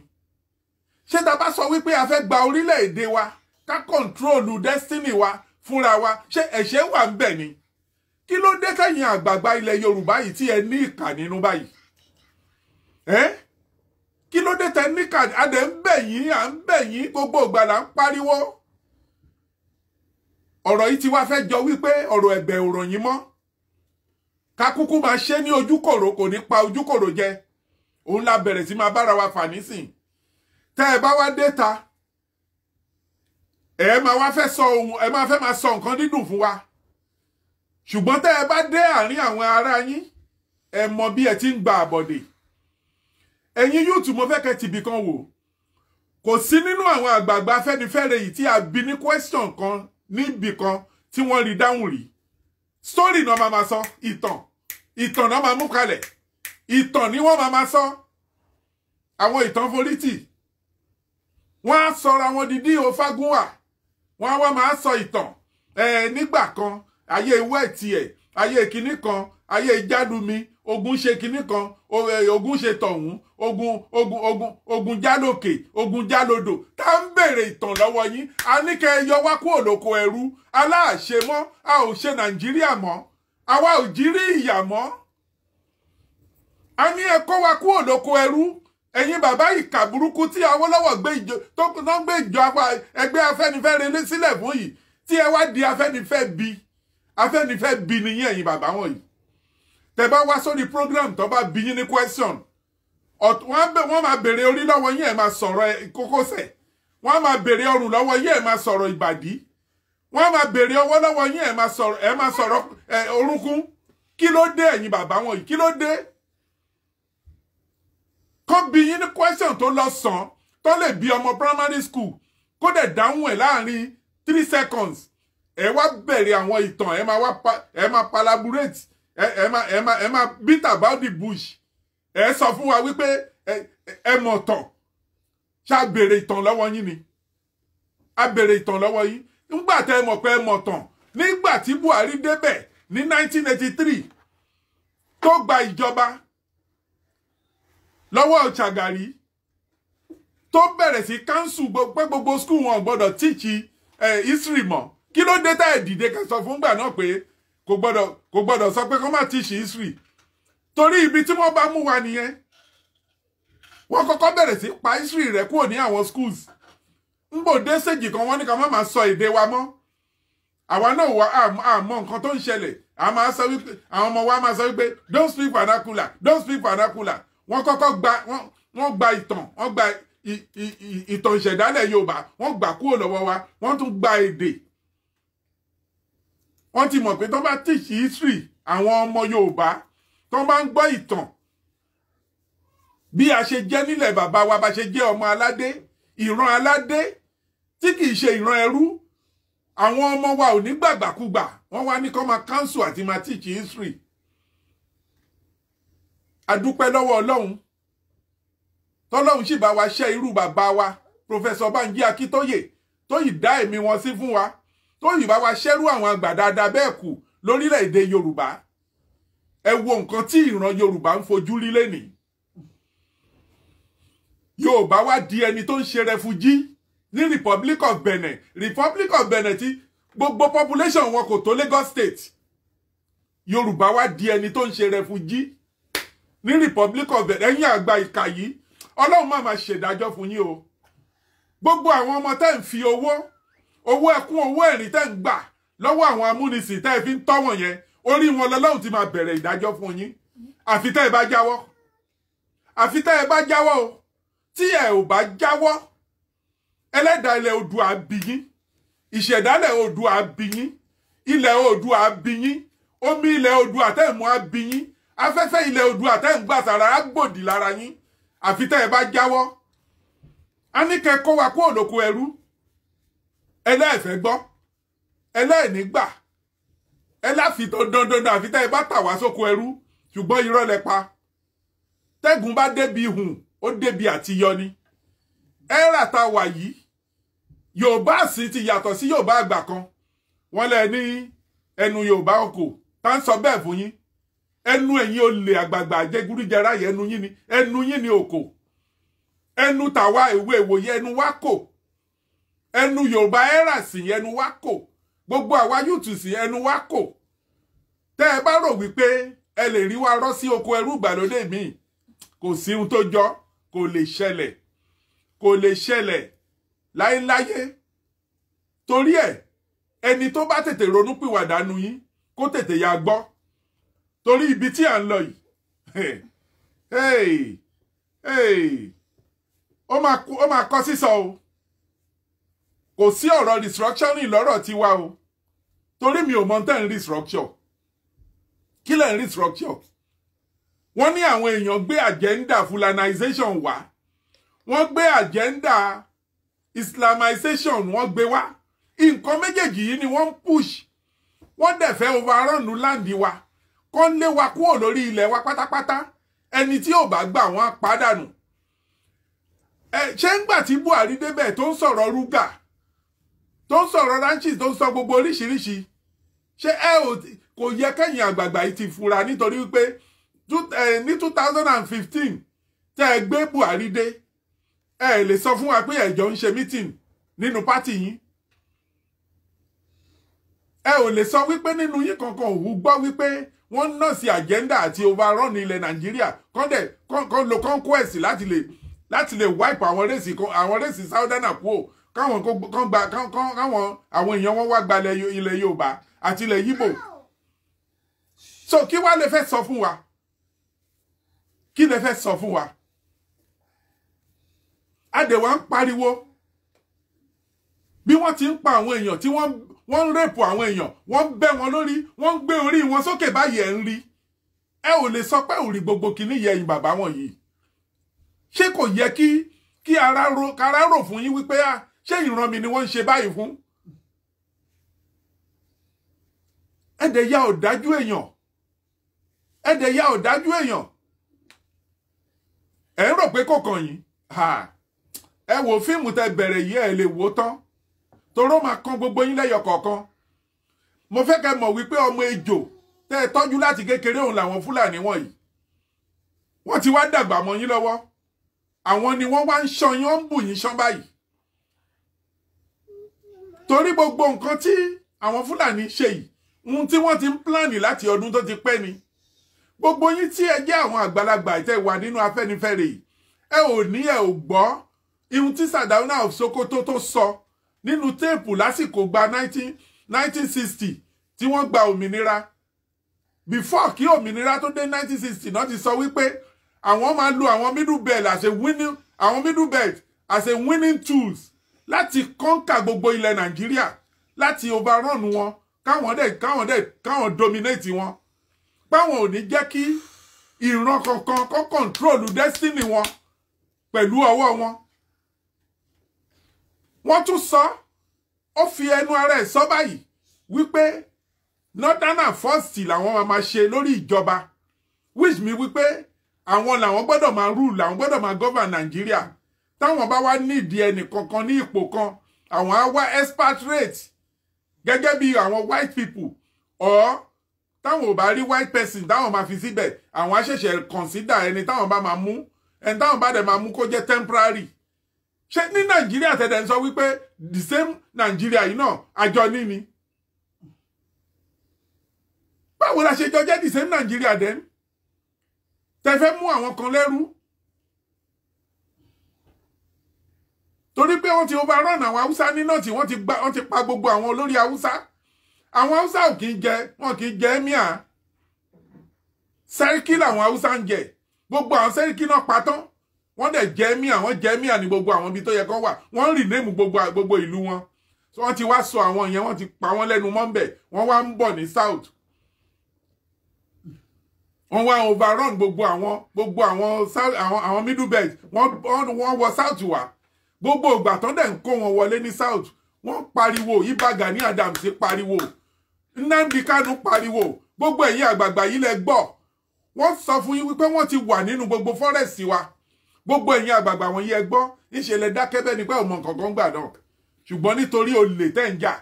ṣé ta bá sọ wípé a fẹ́ gba orílẹ̀ wa ká kọ̀ǹtróòlù destiny wa fúnra wa ṣé ẹ̀ṣẹ̀ wà ń bẹ̀ ni kí ló dé kẹ́yìn àgbààgbà ilẹ̀ yorùbá yìí tí ẹ ní ìkà nínú báyìí ẹ kí ló dé tẹ ní ìkà adẹ ń bẹ̀ yín à ń bẹ̀ yín gbogbo ìgbà ń pariwo ọ̀rọ̀ yìí ti wá fẹ́ jọ wípé ọ̀rọ̀ ẹ̀bẹ̀ ọ̀rọ̀ yín Kakuku máa ṣe ní ojúkòrò kò ní pa ojúkòrò jẹ òun la bẹ̀rẹ̀ sí máa bára wa fani nísìn tẹ́ ẹ bá wá déta ẹ máa wá fẹ́ sọ ohun ẹ máa fẹ́ máa sọ nǹkan dídùn fún wa ṣùgbọ́n tẹ́ ẹ bá dé àárín àwọn ará yín ẹ mọ bí ẹ ti ń gba àbọ̀dè ẹ̀yin yóòtù mo fẹ́ kẹ́ tìbí kan wò kò sí nínú àwọn àgbààgbà Afẹ́nifẹ́re yìí tí a bi ní question kan níbì kan tí wọ́n rí dáhùn rí story náà máa ma sọ ìtàn ìtàn náà máa mú kalẹ̀ ìtàn ni wọ́n máa ma sọ àwọn ìtàn forítì wọ́n á sọra wọn di D.O. Fágúnwà wọ́n á wá máa sọ ìtàn ẹ̀ nígbà kan ayé ìwé tiẹ̀ ayé kìíní kan ayé ìjádùmi ogun ṣe kinní kan e, ogun ṣe tọ̀hún ogun ogun ogun ogun jálòkè ogun jálòdò tá ń béèrè ìtàn lọ́wọ́ yín a ní kẹ́ ẹ yọ wá kúrò lóko ẹrú aláàṣẹ mọ́ a ò ṣe nàìjíríà mọ́ àwa ò jí rí ìyà mọ́ a ní ẹ kó wa kúrò lóko ẹrú ẹ̀yin bàbá ìkà burúkú tí Awólọ́wọ̀ gbé ìjọ tó ń gbé ìjọ ẹgbẹ́ Afẹ́nifẹ́re lé fún yìí tí ẹ wá di Afẹ́nifẹ́ bi Afẹ́nifẹ́ bi nìyẹn ẹ̀yin bàbá wọ̀nyí tẹ bá wá sórí program tó bá bí yín question wọ́n máa béèrè orí lọ́wọ́ yín ẹ̀ máa sọ̀rọ̀ kókósẹ̀ wọ́n máa béèrè ọrùn lọ́wọ́ yín ẹ̀ máa sọ̀rọ̀ ìbàdí wọ́n máa béèrè ọwọ́ lọ́wọ́ yín ẹ̀ máa sọ̀rọ̀ ẹ̀ máa sọ̀rọ̀ orúnkún kí ló dé ẹ̀yin bàbá wọn yìí kí ló dé kó bí yín ní question to lọ sàn tó lè bí ọmọ primary school kó dẹ̀ dáhùn ẹ̀ láàrin three seconds ẹ wá bẹ̀rẹ̀ àwọn ìtàn ẹ máa wá ẹ máa palaburate ẹ ma, ẹ ma, ẹ máa beat about the bush ẹ sọ fún wa wípé ẹ mọ̀ tàn ṣá béèrè ìtàn lọ́wọ́ yín ni a béèrè ìtàn lọ́wọ́ yín nígbà tẹ mọ̀ pé ẹ mọ̀ tàn nígbà tí Buhari débẹ̀ ní 1983 tó gba ìjọba lọ́wọ́ Ṣàgàrí tó bẹ̀rẹ̀ sí káńsù pé gbogbo skul wọn gbọ́dọ̀ tíìkì history mọ́ kí ló dé tá ẹ̀ dìde ká fún gbà náà pé kò gbọ́dọ̀ kò gbọ́dọ̀ sọ pé kó má ti ṣe history torí ibi tí wọ́n bá mú wa nìyẹn wọ́n kọ́kọ́ bẹ̀rẹ̀ sí pa history rẹ̀ kúrò ní àwọn schools ń bò dé séjì kan wọ́n ní ká má máa sọ èdè wa mọ́ àwa náà wà àmọ́ nǹkan tó ń ṣẹlẹ̀ àwọn ọmọ wa máa sọ wípé don't speak vernacular don't speak vernacular wọ́n kọ́kọ́ gba wọ́n gba ìtàn wọ́n gba ìtàn ìṣẹ̀dálẹ̀ Yorùbá wọ́n gbà kúrò lọ́wọ́ wa wọ́n tún gba èdè wọ́n ti mọ̀ pé tó bá teach history àwọn ọmọ Yorùbá tó bá ń gbọ́ ìtàn bí a ṣe jẹ́ nílẹ̀ bàbá wa bá ṣe jẹ́ ọmọ aládé ìran aládé tí kìí ṣe ìran ẹrú àwọn ọmọ wa ò ní gbàgbàkúgbà wọ́n wá ní kó máa council àti máa teach history adúpẹ́ lọ́wọ́ Ọlọ́run tọ́lọ́run sì bá wa ṣẹ́ irú bàbá wa Professor Banji Akíntóyè tó yìí dá ẹ̀mí wọn sí fún wa tóyìn bá wa ṣẹ́rú àwọn àgbà dáadáa bẹ́ẹ̀ kù lórílẹ̀‐èdè yorùbá ẹ wo nǹkan tí ìran yorùbá ń fojú rí lẹ́nìí yorùbá wá di ẹni tó ń ṣe rẹfugí ní republic of benin republic of benin ti gbogbo population wọn kò tó lagos state yorùbá wá di ẹni tó ń ṣe rẹfugí ní republic of benin ẹ̀yin àgbà ìkà yìí ọlọ́run má máa ṣèdájọ́ fún yín o gbogbo àwọn ọmọ tẹ́ ń fi owó owó ẹkún owó ẹ̀rín tẹ́ ń gbà lọ́wọ́ àwọn amúnisìn tẹ́ ẹ fi ń tọ́wọ̀n yẹn orí wọn lọ́lọ́run ti máa bẹ̀rẹ̀ ìdájọ́ fún yín àfi tẹ́ ẹ bá jáwọ́ àfi tẹ́ ẹ bá jáwọ́ o tí ẹ ò bá jáwọ́ ẹlẹ́dàá ilẹ̀ Oòduà bí yín ìṣẹ̀dálẹ̀ Oòduà bí yín ilẹ̀ Oòduà bí yín omi ilẹ̀ Oòduà tẹ́ ẹ mú á bí yín afẹ́fẹ́ ilẹ̀ Oòduà tẹ́ ẹ ń gbà sára á lára yín àfi tẹ́ ẹ bá jáwọ́ a ní kẹ́ kó wa kó òlòkù ẹrú ẹlẹ́ẹ̀fẹ́ gbọ́ ẹlẹ́ẹ̀ní gbà ẹláfi tó dandandan àfi tẹ́ ẹ bá tà wá sóko ẹrú ṣùgbọ́n irọ́ lẹ pa tẹ́gùn bá débi hùn ó débi àti yọ ni ẹ́rà tá wà yìí yorùbá sì ti yàtọ̀ sí yorùbá àgbà kan wọ́n lẹ ní ẹnu yorùbá ọkọ̀ tá ń sọ bẹ́ẹ̀ fún yín ẹnu ẹ̀yin olè àgbààgbà jẹgúdújẹrá yẹn ẹnu yín ni ẹnu yín ni òkò ẹnu tàwa ìwé ìwòye ẹnu wa kò ẹnu yorùbá ẹ̀rà sì ẹnu wa kò gbogbo àwa yùtù sí ẹnu wa kò tẹ́ ẹ bá rò wípé ẹ lè rí wa rọ́ sí oko ẹrú ìgbàlódé mi kò sí ohun tó jọ kò lè ṣẹlẹ̀ kò lè ṣẹlẹ̀ láéláyé torí ẹ̀ ẹni tó bá tètè ronú pìwàdà nu yín kó tètè ya gbọ́ torí ibi tí à ń lọ yìí hey hey ó máa kọ sísọ o kò sí ọ̀rọ̀ restructuring lọ́rọ̀ tiwa o torí mi ò mọ tẹ́ ń restructure kí lẹ́ ń restructure wọ́n ní àwọn èèyàn gbé agenda fulanization wá wọ́n gbé agenda islamization wọ́n gbé wá nǹkan méjèèjì yìí ni wọ́n ń push wọ́n dẹ̀ fẹ́ overrun láǹdì wa kọ́ lé wa kúrò lórí ilẹ̀ wa pátápátá ẹni tí ò bá gbà wọ́n á pàdánù ṣé ńgbà tí Buhari débẹ̀ tó ń sọ̀rọ̀ rúgà tó ń sọ̀rọ̀ ranches tó ń sọ gbogbo oríṣiríṣi ṣé ẹ ò kò yẹ kẹ́yìn àgbààgbà yìí ti fura nítorí wípé ní two thousand and fifteen tẹ́ ẹ gbé Buhari dé ẹ lè sọ fún wa pé ẹ̀jọ̀ ń ṣe meeting nínú pátì yín ẹ ò lè sọ wípé nínú yín kankan òwú gbọ́ wípé wọ́n ń nọ̀sí agenda àti overrun ilẹ̀ Nàìjíríà kọ́ndẹ̀ kan lo conquest láti lè láti lè wipe àwọn rèsì àwọn rèsì Southern àpò káwọn kan gba káwọn àwọn èèyàn wọn wá gba ilẹ̀ Yorùbá àti ilẹ̀ Yíbò so kí wá lè fẹ́ sọ fún wa kí lè fẹ́ sọ fún wa adẹ̀wà ń pariwo bí wọ́n ti ń pa àwọn èèyàn tí wọ́n ń rèpò àwọn èèyàn wọ́n ń bẹ́ wọn lórí wọ́n ń gbé orí wọn sókè báyìí ẹ̀ ń rí ẹ ò lè sọ pé ò rí gbogbo kìíní yẹ̀yìn bàbá wọn yìí ṣé kò yẹ kí kí ara ro kara rò fún yín wípé ah, ṣé ìran mi ni wọ́n ń ṣe báyìí fún ẹ̀dẹ̀ ya ọ̀dájú èèyàn ẹ̀dẹ̀ ya ọ̀dájú èèyàn ẹ̀ ń rò pé kò kàn yín ẹ wo fíìmù tẹ bẹ̀rẹ̀ yìí ẹ lè wò tán toró máa kan gbogbo yín lẹ́yọ̀ kọ̀ọ̀kan mo fẹ́ kẹ́ mọ̀ wípé ọmọ ejò tẹ́ ẹ tọ́jú láti kékeré òun làwọn fúlàní wọ̀nyí wọ́n ti wá dàgbà mọ́ yín lọ́wọ́ àwọn ni wọ́n wá ń ṣan yín wọ́n ń bù yín ṣan báyìí torí gbogbo nǹkan tí àwọn Fúlàní ṣe yìí ohun tí wọ́n ti ń pláàni láti ọdún tó ti pẹ́ ni gbogbo yín tí ẹ jẹ́ àwọn àgbàlagbà ìtẹ́ wà nínú Afẹ́nifẹ́re yìí ẹ ò ní ẹ ò gbọ́ ihun tí Sardauna of Sokoto tó sọ nínú téèpù lásìkò gba 19, 1960 tí wọ́n gba òmìnira before kí òmìnira tó dé 1960 náà ti sọ wípé àwọn máa lo àwọn middle belt as a winning àwọn middle belt as a winning tools láti kọ́ńkà gbogbo ilẹ̀ nàìjíríà láti overrun wọn káwọn dẹ̀ káwọn dẹ̀ káwọn dominate wọn páwọn ò ní jẹ́ kí ìran kankan kọ́ kọ́ńtrólù destiny wọn pẹ̀lú ọwọ́ wọn. wọ́n tún sọ ó fi ẹnu ara ẹ̀ sọ báyìí wípé nọ́dánà fọ́ọ̀sì làwọn máa máa ṣe lórí ìjọba which mi wípé àwọn làwọn gbọ́dọ̀ máa rule làwọn gbọ́dọ̀ máa govern nàìjíríà táwọn bá wá nídìí ẹnì kankan ní ipò kan àwọn á wá expatriate gẹ́gẹ́ bí àwọn white people or táwọn ò bá rí white person táwọn máa fi síbẹ̀ àwọn á ṣẹ̀ṣẹ̀ consider ẹni táwọn bá máa mú ẹni táwọn bá dẹ̀ máa mú kó jẹ́ temporary ṣé ní nàìjíríà tẹ̀dẹ̀ ń sọ wípé the same nàìjíríà yìí náà àjọ ní ni báwo la ṣe jọ jẹ́ the same nàìjíríà dẹ́n tẹ fẹ́ mú àwọn kan lẹ́rú torí pé wọ́n ti overrun àwọn haúsá ní náà tí wọ́n ti gba ti pa gbogbo àwọn olórí haúsá àwọn haúsá ò kì í jẹ wọn kì í jẹ emir sẹ́ríkì làwọn haúsá ń jẹ gbogbo àwọn sẹ́ríkì náà pa tán wọ́n dẹ̀ jẹ emir wọ́n jẹ emir ní gbogbo àwọn ibi tó yẹ kán wà wọ́n rì néèmù gbogbo ìlú wọn wọ́n ti wá sọ àwọn yẹn wọ́n ti pa wọ́n lẹ́nu mọ́ńbẹ̀ wọ́n wá ń bọ̀ ní south wọ́n wá overrun gbogbo àwọn gbogbo àwọn àwọn middle belt wọ́n wọ south wa gbogbo ìgbà tán dẹ̀ ń kó wọn wọlé ní south wọ́n pariwo Ìbà Gani Adams pariwo Nnamdi Kanu pariwo gbogbo ẹ̀yin àgbààgbà yìí lẹ gbọ́ wọ́n sọ fún yín wípé wọ́n ti wà nínú gbogbo fọ́rẹ́sì wa gbogbo ẹ̀yin àgbààgbà wọn yẹ gbọ́ ìṣẹ̀lẹ̀ dákẹ́bẹ́ ni pé ọmọ kankan gbà náà ṣùgbọ́n nítorí olè tẹ̀ ń jà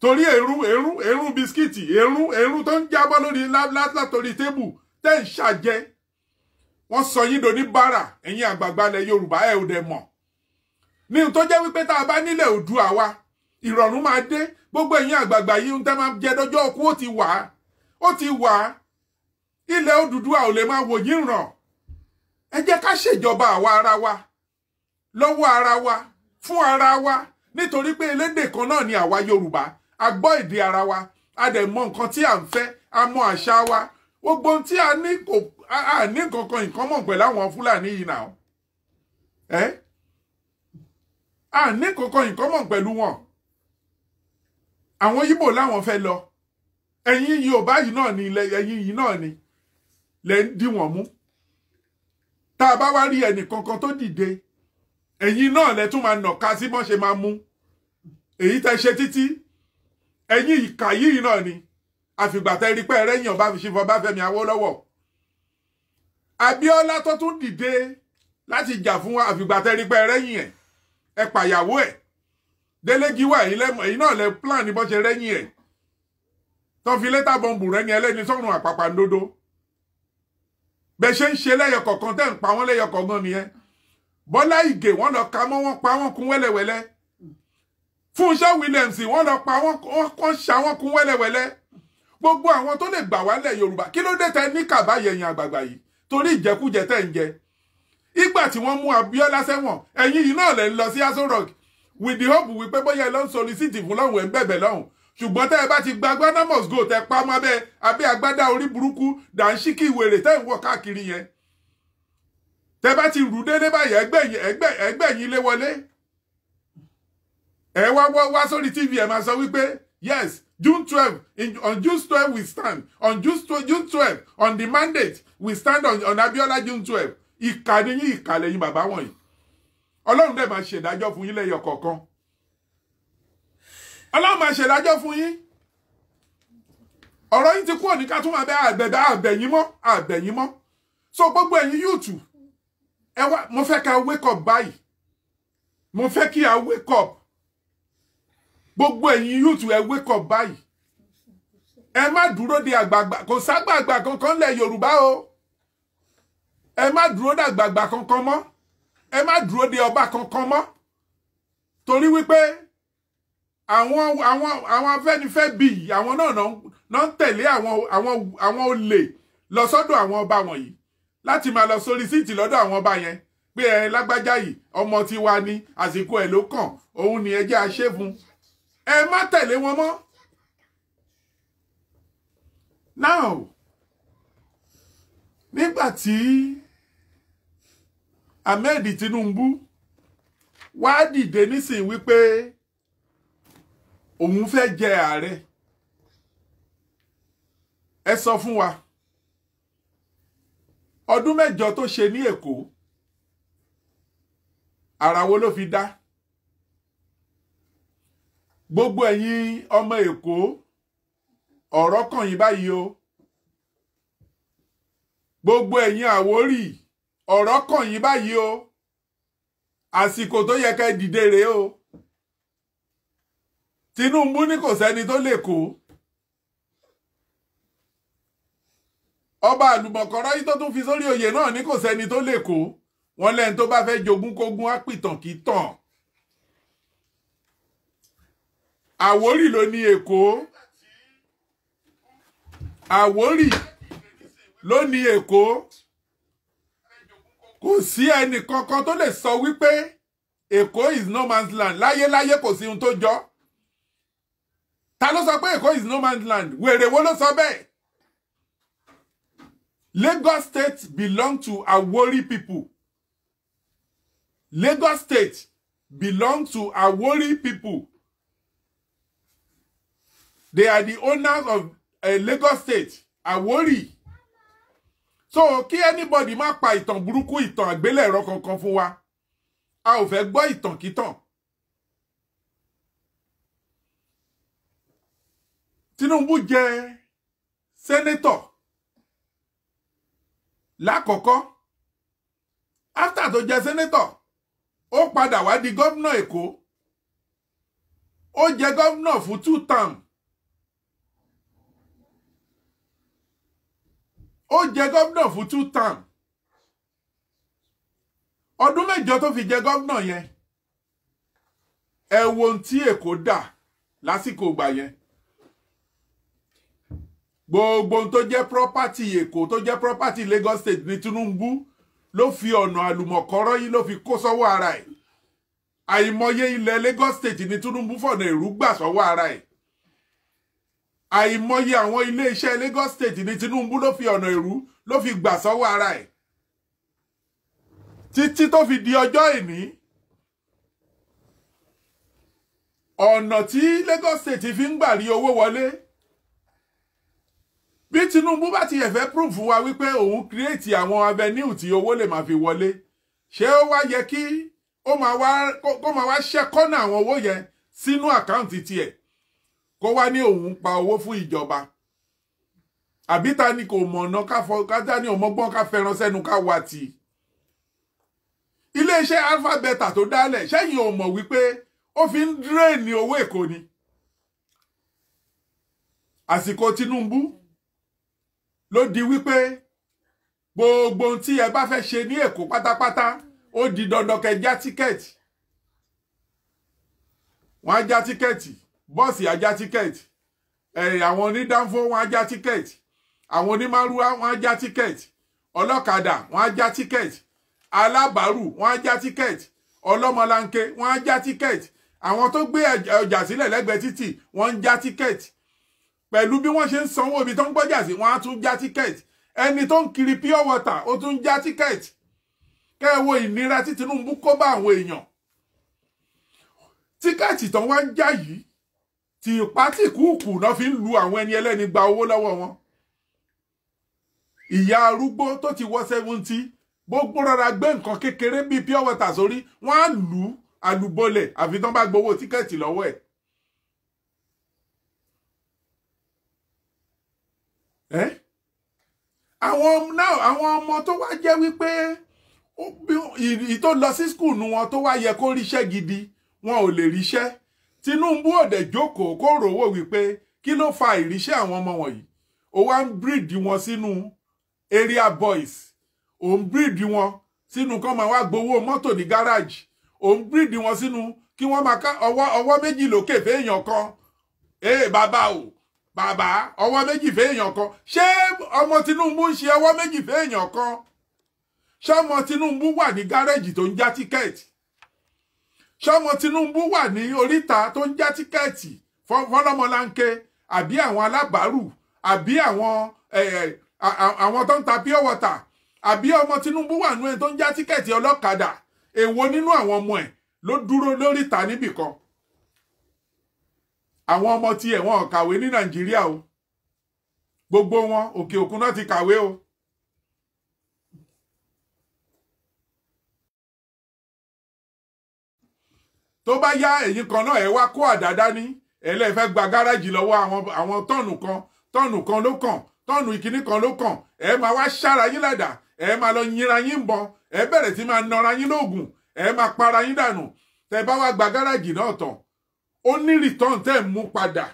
torí èrú èrú èrú bisikíìtì èrú èrú tó ń jábọ́ lórí látòrí tébù tẹ̀ ń wọ́n sọ yín do ní bára ẹ̀yin àgbààgbà ilẹ̀ yorùbá ẹ̀ ò dẹ̀ mọ̀ ní tó jẹ́ wípé tá a bá nílẹ̀ òdua wa ìrọ̀rùn máa dé gbogbo ẹ̀yin àgbààgbà yìí ń tẹ́ máa jẹ dọ́jọ́ ọkú ó ti wà á ó ti wà á ilẹ̀ Odùduwà ò lè máa wò yín ràn ẹ jẹ́ ká ṣèjọba àwa ara wa lọ́wọ́ ara wa fún ara wa nítorí pé elédè kan náà ni àwa yorùbá a gbọ́ èdè ara wa a dẹ̀ mọ nǹkan tí à ń fẹ́ a mọ àṣà wa gbogbo ohun tí a ní a ní nǹkan kan nǹkan mọ̀ pẹ̀lú àwọn fúlàní yìí náà ẹ́ a ní nǹkan kan nǹkan mọ̀ pẹ̀lú wọn àwọn yíbò láwọn fẹ́ lọ ẹ̀yin yìí ò báyìí náà ni ẹ̀yin yìí náà ni lẹ́ ń dí wọn mú tá a bá wá rí ẹnì kankan tó dìde ẹ̀yin náà lẹ́ tún máa nàka sí bọ́n ṣe máa mú èyí tẹ́ ṣe títí ẹ̀yin ìkà yìí náà ni àfìgbà tẹ́ rí pé ẹ̀rẹ́yìn ọba fi ṣe fọba Fẹ́mi Awólọ́wọ̀ Abiola, tó tún dìde láti jà fún wa àfìgbà tẹ́rí pé ẹrẹ́yìn ẹ̀ ẹ pàyàwó ẹ̀ délégi wà yín lẹ́mọ̀ èyí náà lẹ plan ní bọ́n ṣe rẹ́yìn ẹ̀ tó fi létà bọ́ǹbù rẹ́yìn ẹlẹ́ni sọ́run àpàpàǹdodo bẹ́ẹ̀ ṣe ń ṣe lẹ́yọ kọ̀ọ̀kan tẹ́ ń pa wọ́n lẹ́yọ kọ̀ọ̀kan nìyẹn Bọ́lá Ìgè wọ́n lọ ka mọ́ wọ́n pa wọ́n kún wẹ́lẹ́wẹ́lẹ́ Fúnṣẹ́ Williams wọ́n lọ pa wọ́n kàn ṣá wọ́n kún wẹ́lẹ́wẹ́lẹ́ gbogbo àwọn tó lè gbà wálẹ̀ Yorùbá kí ló dé tẹ ní kàbáyẹ̀yìn àgbàgbà yìí torí ìjẹkújẹ tẹ̀ ń jẹ ìgbà tí wọ́n mú Abíọ́lá sẹ́wọ̀n ẹ̀yin yìí náà lẹ̀ lọ sí Aso Rock with the hope wípé bóyá ẹ lọ ń solicit fún lọ́hùn ẹ̀ ń bẹ̀bẹ̀ lọ́hùn ṣùgbọ́n tẹ́ ẹ bá ti gba agbádá must go tẹ́ pa mọ́ abẹ́ abẹ́ agbádá orí burúkú dàńṣíkì ìwèrè tẹ́ ń wọ̀ káàkiri yẹn tẹ́ bá ti rù dédé báyìí ẹgbẹ́ ẹgbẹ́ ẹgbẹ́ yín lé wọlé ẹ wá wá sórí tv ẹ máa sọ wípé yes June 12, in, on June 12 we stand. On June 12, June 12, on the mandate, we stand on, on Abiola June 12. Ìkà ni yín, ìkà lẹ̀yin bàbá wọ̀nyí. Ọlọ́run dẹ̀ máa ṣèdájọ́ fún yín lẹ́yọ kọ̀ọ̀kan. Ọlọ́run máa ṣèdájọ́ fún yín. Ọ̀rọ̀ yín ti kúrò ní ká tún máa bẹ àgbẹ̀dá àbẹ̀yìn mọ́ àbẹ̀yìn mọ́. So gbogbo ẹ̀yin yúùtù, ẹ wá mo fẹ́ ká wake up báyìí. Mo fẹ́ kí a wake up gbogbo ẹ̀yin youth ẹ wake up báyìí ẹ má dúró de àgbààgbà kò ságbààgbà kankan lẹ̀ yorùbá o ẹ má dúró de àgbààgbà kankan mọ́ ẹ má dúró de ọba kankan mọ́ torí wípé àwọn àwọn àwọn afẹ́nifẹ́ bíi àwọn náà náà ń tẹ̀lé àwọn àwọn àwọn olè lọ sọ́dọ̀ àwọn ọba wọ̀nyí láti máa lọ sórí síìtì lọ́dọ̀ àwọn ọba yẹn pé ẹ lágbájá yìí ọmọ tiwa ni àsìkò ẹ̀ ló kàn òun ni ẹ jẹ́ àṣẹ́fun ẹ má tẹ̀lé wọn mọ́ now nígbà tí Ahmed Tinubu wá dìde nísìnyí wípé òun fẹ́ jẹ ààrẹ ẹ sọ fún wa ọdún mẹ́jọ tó ṣe ní Èkó ara wo ló fi dá gbogbo ẹ̀yin ọmọ èkó ọ̀rọ̀ kàn yín báyìí o gbogbo ẹ̀yin àwórì ọ̀rọ̀ kàn yín báyìí o àsìkò tó yẹ ká dìde rèé o Tinubu ní kò sẹ́ni tó lè kó ọba àlùmọ̀kọ́rọ́ yìí tó tún fi sórí oyè náà ní kò sẹ́ni tó lè kó wọn lẹ́ni tó bá fẹ́ jogún kógún á pìtàn kì í tàn Àwórì ló ní Èkó Àwórì ló ní Èkó kò sí ẹnì kankan tó lè sọ wípé Èkó is no man's land láyéláyé kò sí ohun tó jọ ta ló sọ pé Èkó is no man's land wèrè wo ló sọ bẹ́ẹ̀ Lagos State belong to Àwórì people Lagos State belong to Àwórì people They are the owners of uh, Lagos State, I worry. So kí anybody má pa ìtàn burúkú ìtàn àgbélẹ̀rọ kankan fún wa. A ò fẹ́ gbọ́ ìtàn kítàn. Tinubu jẹ sẹ́nétọ̀ lákọ̀ọ́kọ́. After tó jẹ sẹ́nétọ̀, ó padà wá di gómìnà Èkó. Ó jẹ gómìnà fún two term ó jẹ gómìnà fún two term ọdún mẹ́jọ tó fi jẹ gómìnà yẹn ẹ wo ohun tí èkó dà lásìkò ìgbà yẹn gbogbo ohun tó jẹ́ property èkó tó jẹ́ property Lagos State ní Tinubu ló fi ọ̀nà àlùmọ̀kọ́rọ́ yìí ló fi kó sọ́wọ́ ara ẹ̀ àìmọye ilẹ̀ Lagos State ní Tinubu fọ̀nà èrú gbà sọ́wọ́ ara ẹ̀ àìmọye àwọn iléeṣẹ́ Lagos State ní Tinubu ló fi ọ̀nà ìrú ló fi gbà sọ́wọ́ ara ẹ̀ títí tó fi di ọjọ́ ìní ọ̀nà tí Lagos State fi ń gbà rí owó wọlé bí Tinubu bá ti yẹ̀fẹ́ proof fún wa wípé òun create àwọn avenue tí owó lè máa fi wọlé ṣé ó wá yẹ kí ó máa wá ṣẹ́kọ́nà àwọn owó yẹn sínú àkáǹtì tiẹ̀ kó wá ní òun pa owó fún ìjọba àbí ta ni kò mọ̀nà kájá ní ọmọgbọ́n ká fẹ́ràn sẹ́nu ká wá tì iléeṣẹ́ alpha beta tó dálẹ̀ sẹ́yìn ò mọ̀ wípé ó fi ń dírèènì owó èkó ni àsìkò Tinubu ló di wípé gbogbo tí ẹ bá fẹ́ ṣe ní èkó pátápátá ó di dandan kẹ́ tíkẹ́ẹ̀tì wọ́n á já tíkẹ́ẹ̀tì bọ́ọ̀sì ajá tíkẹ́ẹ̀tì àwọn onídánfó wọn ajá tíkẹ́ẹ̀tì àwọn onímárúwá wọn ajá tíkẹ́ẹ̀tì ọlọ́kadà wọn ajá tíkẹ́ẹ̀tì alábàárù wọn ajá tíkẹ́ẹ̀tì ọlọ́mọlanke wọn ajá tíkẹ́ẹ̀tì àwọn tó gbé ọjà sílẹ̀ lẹ́gbẹ̀ẹ́ títì wọ́n ń já tíkẹ́ẹ̀tì pẹ̀lú bí wọ́n ṣe ń sanwó ibi tó ń gbọ́jà sí wọ́n á tún já tíkẹ́ẹ̀tì ẹni tó ń kiri pure water ó tún já tíkẹ́ẹ̀tì kẹ́ ẹ wo ìnira tí Tinubu kó bá àwọn èèyàn tíkẹ́ẹ̀tì tán wá ń já yìí tí pátì kúùkù náà fi ń lu àwọn ẹni ẹlẹ́ni gba owó lọ́wọ́ wọn ìyá arúgbó tó ti wọ seventy gbogbo rárá gbé nǹkan kékeré bíi pure water sórí wọn á lù ú àlùbọlẹ̀ àfi tán bá gbowó tíkẹ́ẹ̀tì lọ́wọ́ ẹ̀. ẹ́ àwọn náà àwọn ọmọ tó wá o wípé ìyí tó lọ sí skul nu wọn tó wá yẹ kó ríṣẹ́ gidi wọn ò lè ríṣẹ́ Tinubu ò dẹ̀ jókòó kó rówó wípé kí ló fa ìríṣẹ́ àwọn ọmọ wọ̀nyí ó wá ń bíríìdì wọn sínú area boys ó ń bíríìdì wọn sínú kán máa wá gbowó mọ́tò ní gáràjì ó ń bíríìdì wọn sínú kí wọ́n máa ká ọwọ́ ọwọ́ méjì lókè fẹ́yàn kan ee bàbá o bàbá ọwọ́ méjì fẹ́yàn kan ṣé ọmọ Tinubu ń ṣe ọwọ́ méjì fẹ́yàn kan ṣé ọmọ Tinubu wà ní gáràjì tó ń já tíkẹ́ẹ̀tì ṣọmọ Tinubu wà ní oríta tó ń já tíkẹ́ẹ̀tì fọlọ́mọláńké àbí àwọn alábàárù àbí àwọn àwọn tó ń ta pure water àbí ọmọ Tinubu wà nú ẹ tó ń já tíkẹ́ẹ̀tì ọlọ́kadà èwo nínú àwọn ọmọ ẹ ló dúró lóríta níbìkan àwọn ọmọ tiẹ̀ wọn kàwé ní Nàìjíríà o gbogbo wọn òkè òkun náà ti kàwé o tó bá yá ẹ̀yin kan náà ẹ wá kó àdá dání ẹ lè fẹ́ gba gáràjì lọ́wọ́ àwọn tọ́ọ̀nù kan tọ́ọ̀nù kan ló kàn tọ́ọ̀nù ìkíní kan ló kàn ẹ máa wá ṣára yín ládà ẹ máa lọ yinra yín ń bọ̀ ẹ bẹ̀rẹ̀ sí máa nara yín lóògùn ẹ máa para yín dànù tẹ bá wá gba gáràjì náà tán ó ní return tẹ́ ẹ̀ mú padà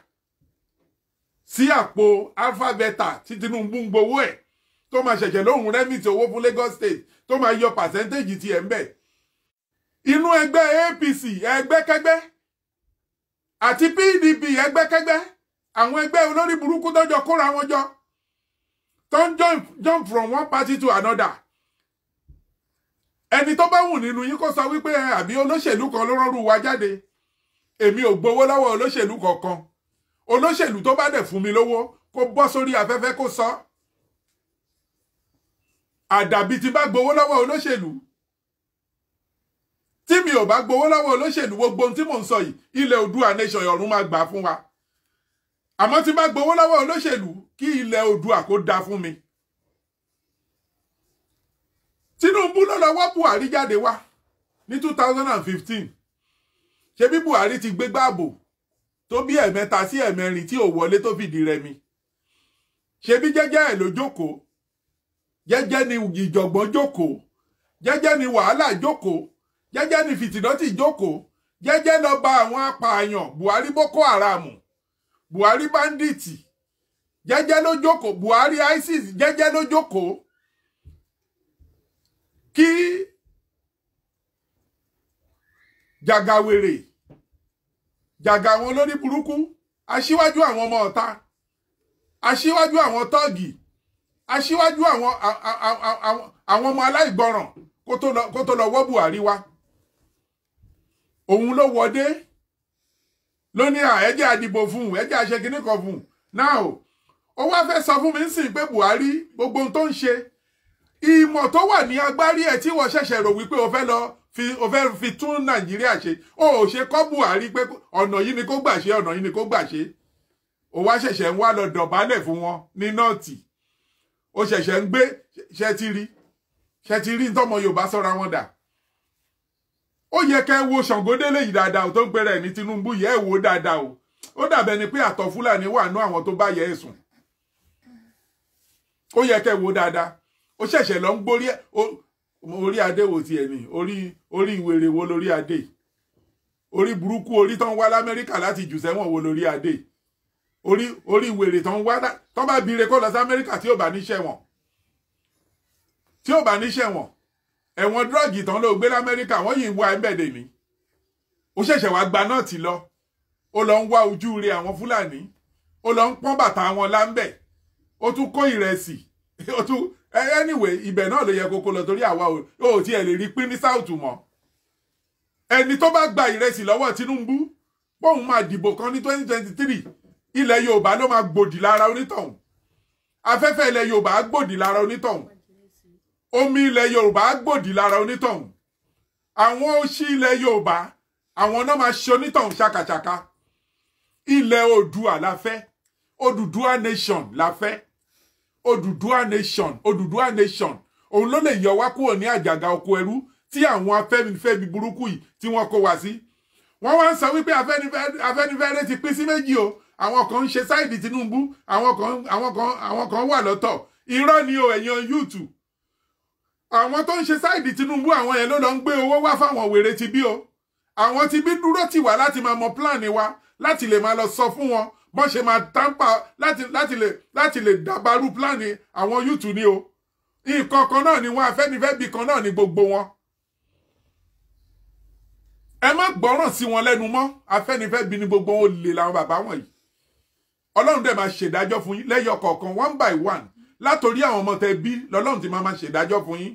sí àpò alpha beta tí Tinubu ń gbowó ẹ̀ tó máa ṣẹ̀ṣẹ̀ lóhùn rẹ́mìtì owó fún Lagos State tó máa yọ pàṣẹ́ntéèjì tiẹ̀ ń bẹ̀ inú ẹgbẹ́ APC ẹgbẹ́kẹ́gbẹ́ àti PDP ẹgbẹ́kẹ́gbẹ́ àwọn ẹgbẹ́ olórí burúkú tọ́jọ kóra wọn jọ tó ń jump from one party to another ẹni tó bá wù nínú yín kó sọ wípé àbí olóṣèlú kan ló rọrùn wa jáde èmi ò gbowó lọ́wọ́ olóṣèlú kankan olóṣèlú tó bá dẹ̀ fún mi lówó kó bọ́ sórí afẹ́fẹ́ kó sọ àdàbí ti bá gbowó lọ́wọ́ olóṣèlú tí mi ò bá gbowó lọ́wọ́ olóṣèlú gbogbo ohun tí mò ń sọ yìí ilẹ̀ Oòduà nation ọ̀run máa gbà fún wa àmọ́ tí bá gbowó lọ́wọ́ olóṣèlú kí ilẹ̀ Oòduà kó dáa fún mi Tinubu ló lọ wá Buhari jáde wá ní 2015 ṣebí Buhari ti gbégbá ààbò tó bí ẹ̀mẹ́ta sí ẹ̀mẹ́rin tí ò wọlé tó fìdí rẹmi ṣebí jẹ́jẹ́ ẹ̀ ló jókòó jẹ́jẹ́ ni ìjọ̀gbọ́n jókòó jẹ́jẹ́ ni wàhálà jókòó jẹ́jẹ́ ni fìtìdọ́tì jókòó jẹ́jẹ́ lọ́ba àwọn apààyàn Buhari Boko Haram Buhari bandits jẹ́jẹ́ ló jókòó Buhari ISIS jẹ́jẹ́ ló jókòó kí jàgàwèrè jàgà àwọn olórí burúkú aṣíwájú àwọn ọmọ ọ̀tá aṣíwájú àwọn tọ́ọ̀gì aṣíwájú àwọn ọmọ aláìgbọràn kó tó lọ wọ́ Buhari wá òun ló wọdé ló ní ẹjẹ́ àdìbò fún ẹjẹ́ àṣẹ kìíní kan fún náà ó wá fẹ́ sọ fún mi ń sìn pé Buhari gbogbo ohun tó ń ṣe ìmọ̀ tó wà ní agbárí ẹ̀ tí wọ́n ṣẹ̀ṣẹ̀ rò wípé o fẹ́ lọ fi o fẹ́ fi tún Nàìjíríà ṣe o ò ṣe kọ́ Buhari pé ọ̀nà yìí ni kó gbà ṣe ọ̀nà yìí ni kó gbà ṣe o wá ṣẹ̀ṣẹ̀ ń wá lọ dọ̀bálẹ̀ fún wọn ní nọ́ọ̀tì o ṣẹ̀ṣẹ̀ ń gbé ṣẹ́tìrí ṣẹ́tìrí ní tọ́mọ Yorùbá sọ́ra wọn dà ó yẹ kẹ́ wo ṣàngódélé yìí dáadáa tó ń pẹ́rẹ́ ní Tinubu yẹ ẹ wo dáadáa o ó dàbẹ̀ ni pé àtọ̀ Fúlàní wà nú àwọn tó bá yẹ ẹ sùn ó yẹ kẹ́ wo dáadáa ó ṣẹ̀ṣẹ̀ lọ ń gbórí orí adé wo tiẹ̀ ni orí orí ìwèrè wo lórí adé orí burúkú orí tó ń wá lamẹ́ríkà láti jù sẹ́wọ̀n wo lórí adé orí orí ìwèrè tó ń wá tó bá bire kó lọ sí Amẹ́ríkà tí ò bá níṣẹ́ wọn tí ò bá níṣẹ́ wọn ẹ̀wọ̀n dírọ́ọ̀gì tán ló gbé lamẹ́ríkà wọ́n yìí ń wá ẹ̀mẹ́dẹ̀ ni ó ṣẹ̀ṣẹ̀ wá gba náà ti lọ ó lọ ń wá ojú rẹ àwọn fúlàní ó lọ ń pọ́n bàtà wọn láńbẹ̀ ó tún kó ìrẹsì ó tún anyway ibẹ̀ náà ló yẹ kókó lọ torí àwa ò tiẹ̀ lè rí pín ní south mọ́ ẹni tó bá gba ìrẹsì lọ́wọ́ Tinubu bóun máa dìbò kan ní 2023 ilẹ̀ Yorùbá ló máa gbòdì lára onítọ̀hún afẹ́fẹ́ ilẹ̀ Yorùbá gbòdì lára onítọ̀hún omi ilẹ̀ yorùbá gbòdì lára onítọ̀hún àwọn òṣì ilẹ̀ yorùbá àwọn náà máa ṣe onítọ̀hún ṣàkàṣàkà ilẹ̀ oòdùà la fẹ́ Odùduwà nation la fẹ́ Odùduwà nation Odùduwà nation òun ló lè yọ wá kúrò ní àjàgà oko ẹrú tí àwọn afẹ́nifẹ́bi burúkú yìí tí wọ́n kó wá sí wọ́n wá ń sọ wípé afẹ́nifẹ́re ti pín sí méjì o àwọn kan ń ṣe sáìdì Tinubu àwọn kan àwọn kan àwọn kan wà lọ́tọ̀ irọ́ ni o ẹ̀yin YouTube àwọn tó ń ṣe sáìdì Tinubu àwọn yẹn ló lọ ń gbé owó wá fáwọn wèrè ti bí o àwọn ti bí dúró ti wà láti máa mọ pílànì wa láti lè máa lọ sọ fún wọn bọ́n ṣe máa tàǹpà láti láti lè láti lè dàbàrú pílànì àwọn yúùtù ni o nǹkan kan náà ni wọn afẹ́nifẹ́bi kan náà ni gbogbo wọn. ẹ má gbọ́ràn sí wọn lẹ́nu mọ́ afẹ́nifẹ́bi ni gbogbo wọn lè làwọn bàbá wọn yìí ọlọ́run dẹ̀ máa ṣèdájọ́ fún yín lẹ́yọ kọ̀ọ̀kan one by one látòrí àwọn ọmọ tẹ bí lọ́lọ́run ti máa máa ṣèdájọ́ fún yín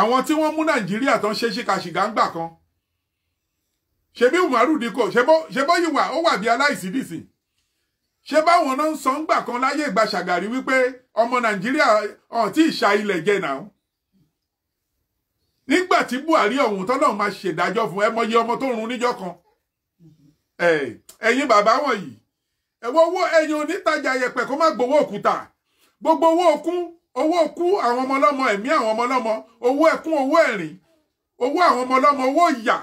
àwọn tí wọ́n mú nàìjíríà tán ṣe ṣìkàṣìkà ń gbà kan ṣebí umaru dikko ṣebó yìí wà ó wà bí aláìsí dìsìn ṣé báwọn náà ń sọ ń gbà kan láyé ìgbà ṣàgàrí wípé ọmọ nàìjíríà ọ̀hún tí ìṣà ilẹ̀ jẹ náà nígbà tí buhari ọ̀hún tọ́lọ́run máa ṣèdájọ́ fún ẹ mọyì ọmọ tó run níjọ́ kan ẹ̀yin bàbá wọ̀nyí ẹ̀wọ́ owó ẹ̀yìn onítajà yẹ̀pẹ̀ kó má gbowó òkúta gbogbo owó òkun owó òkú àwọn ọmọ ọlọ́mọ ẹ̀mí àwọn ọmọ ọlọ́mọ owó ẹ̀kún owó ẹ̀rìn owó àwọn ọmọ ọlọ́mọ owó ìyà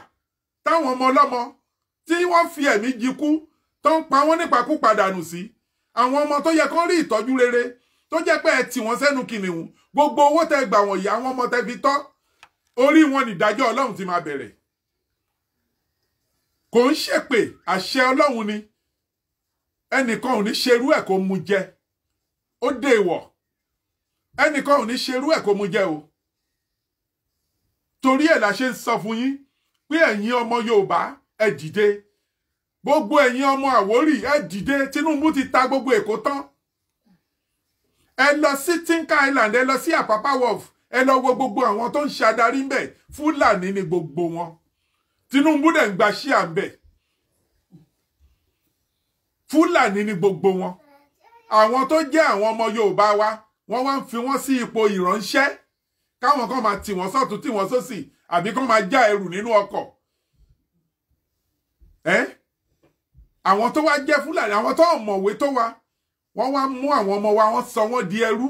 táwọn ọmọ ọlọ́mọ tí wọ́n fi ẹ̀mí jikú tó ń pa wọ́n nípa kú padànù sí àwọn ọmọ tó yẹ kó rí ìtọ́jú rere tó jẹ́ pé ẹ tì wọ́n sẹ́nu kìnìún gbogbo owó tẹ gbà wọ̀nyí àwọn ọmọ tẹ fi tọ́ orí wọn nìdájọ́ ọlọ́run ti máa bẹ̀rẹ̀ kò ń ṣèpè àṣẹ ọlọ́run ni ẹnìkan ò ní ṣerú ẹ̀ kó mu jẹ ó dé ìwọ̀ ẹnìkan ò ní ṣerú ẹ̀ kó mu jẹ o torí ẹ̀ la ṣe ń sọ fún yín pé ẹ̀yin ọmọ Yorùbá ẹ dìde gbogbo ẹ̀yin ọmọ Àwórì ẹ dìde Tinubu ti ta gbogbo Èkó tán ẹ lọ sí Tinker Island ẹ lọ sí Apapa Wharf ẹ lọ wo gbogbo àwọn tó ń ṣe adarí ń bẹ Fúlàní ni gbogbo wọn Tinubu dẹ̀ ń gba ṣíà ń bẹ̀ fúlàní ni gbogbo wọn àwọn tó jẹ́ àwọn ọmọ yorùbá wa wọ́n wá ń fi wọ́n sí ipò ìránṣẹ́ káwọn kan máa tì wọ́n sọ́tún tì wọ́n sósì àbí kan máa já ẹrù nínú ọkọ̀ àwọn tó wá jẹ́ fúlàní àwọn tó mọ̀wé tó wa wọ́n wá mú àwọn ọmọ wa wọ́n sọ wọ́n di ẹrú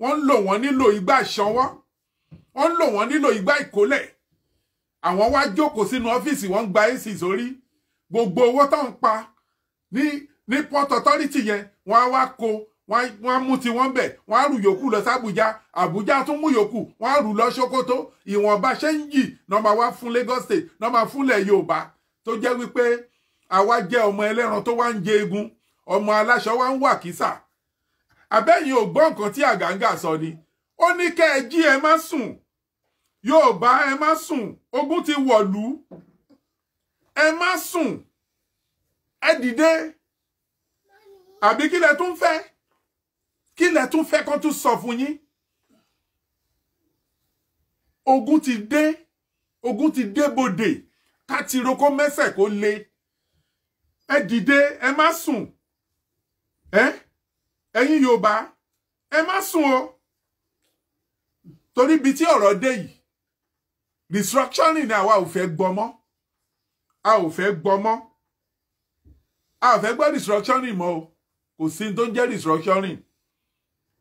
wọ́n ń lò wọ́n nílò ìgbà ìṣanwọ́ wọ́n ń lò wọ́n nílò ìgbà ìkólẹ̀ àwọn wá jókòó sínú ọ́fíìsì wọ́n ń gba ac sórí gbogbo owó tó ń pa ní ní port authority yẹn wọ́n á wá kó wọ́n á mú ti wọ́n bẹ̀ wọ́n á rù yòókù lọ sàbújá àbújá tún mú yòókù wọ́n á rù lọ sókótó ìwọ̀nba ṣe ń yì náà máa wá fún Lagos state náà máa fúnlẹ̀ Yorùbá tó jẹ́ wípé àwa jẹ́ ọmọ ẹlẹ́ran tó wá ń jẹ egun ọmọ aláṣọ wá ń wà kísà abẹ́yìn ò gbọ́ nǹkan tí àgàǹgà sọ ni ó ní kẹ́ ẹ jí ẹ má sùn Yorùbá ẹ má sùn ogun ti wọ̀lú ẹ má sùn ẹ dìde àbí qui lẹ tún fait? Qui lẹ tún fait quand tout sọ fún Au goût ti au goût ti dé bodè ká ti roko mẹ́sẹ̀ kó le ẹ dìde ẹ má sùn ẹ ẹ̀yin Yorùbá ẹ má sùn o torí bí tí ọ̀rọ̀ dé yìí restructuring ni àwa ò fẹ́ gbọ́ mọ́ a ò fẹ́ a fẹ́ gbọ́ restructuring mọ́ o kò sí tó ń jẹ́ restructuring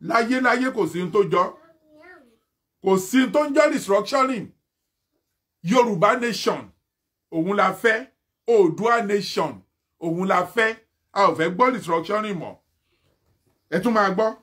láyéláyé kò sí tó jọ kò sí tó ń jẹ́ restructuring yorùbá nation òun la fẹ́ oòdùà nation òun la fẹ́ a ò fẹ́ gbọ́ restructuring mọ́ ẹ tún máa gbọ́.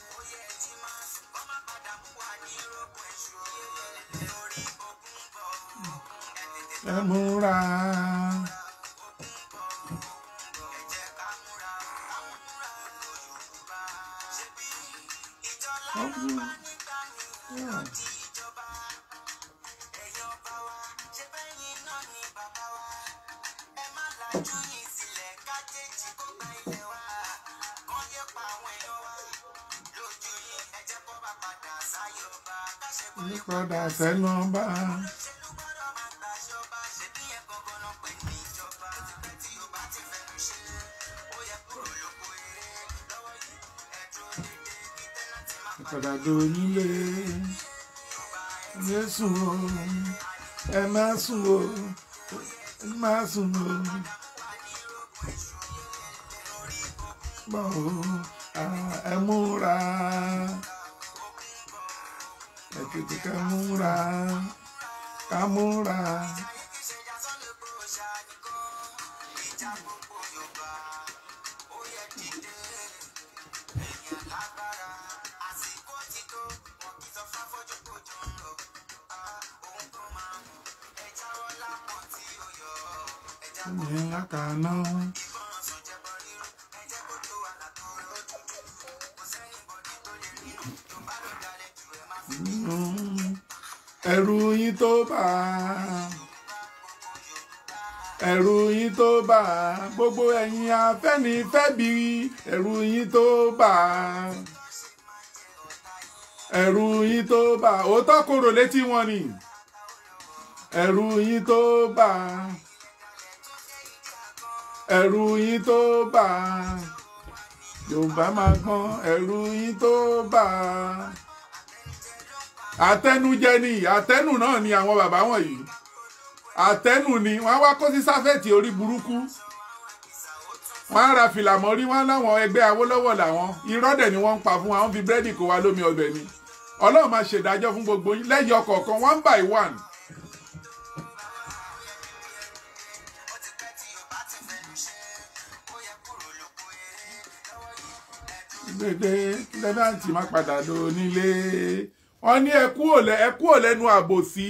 àtẹnumọ́. Padà donílé, Jésù o, ẹ má sùn o, ẹ má sùn o. Bọ́ọ̀ ẹ múra ẹ kamura, kamura. múra ká múra. látàná. bà á ẹ̀rù yín tó bà gbogbo ẹ̀yin afẹ́nifẹ́bi ẹ̀rù yín tó bà á yín tó bà òótọ́ korò létí wọn ni ẹ̀rù yín tó bà á ẹ̀rù yín tó bà á yorùbá máa gbọ́n ẹ̀rù yín tó bà àtẹnujẹ ni àtẹnu náà ni àwọn bàbá wọ̀nyí àtẹnu ni wọ́n á wá kó sí sáfẹ́ẹ̀tì orí burúkú wọ́n á ra fìlà mọ́rí wọ́n láwọn ẹgbẹ́ Awólọ́wọ̀ làwọn irọ́dẹ̀ ni wọ́n ń pa fún wa wọ́n fi búrẹ́dì kó wa lómi ọbẹ̀ ni Ọlọ́run máa ṣèdájọ́ fún gbogbo yín lẹ́yìn ọ̀kọ̀ọ̀kan one by one. dédé lẹ́bàá tí má padà lónílé wọ́n ní ẹ kúrò lẹ́nu àbòsí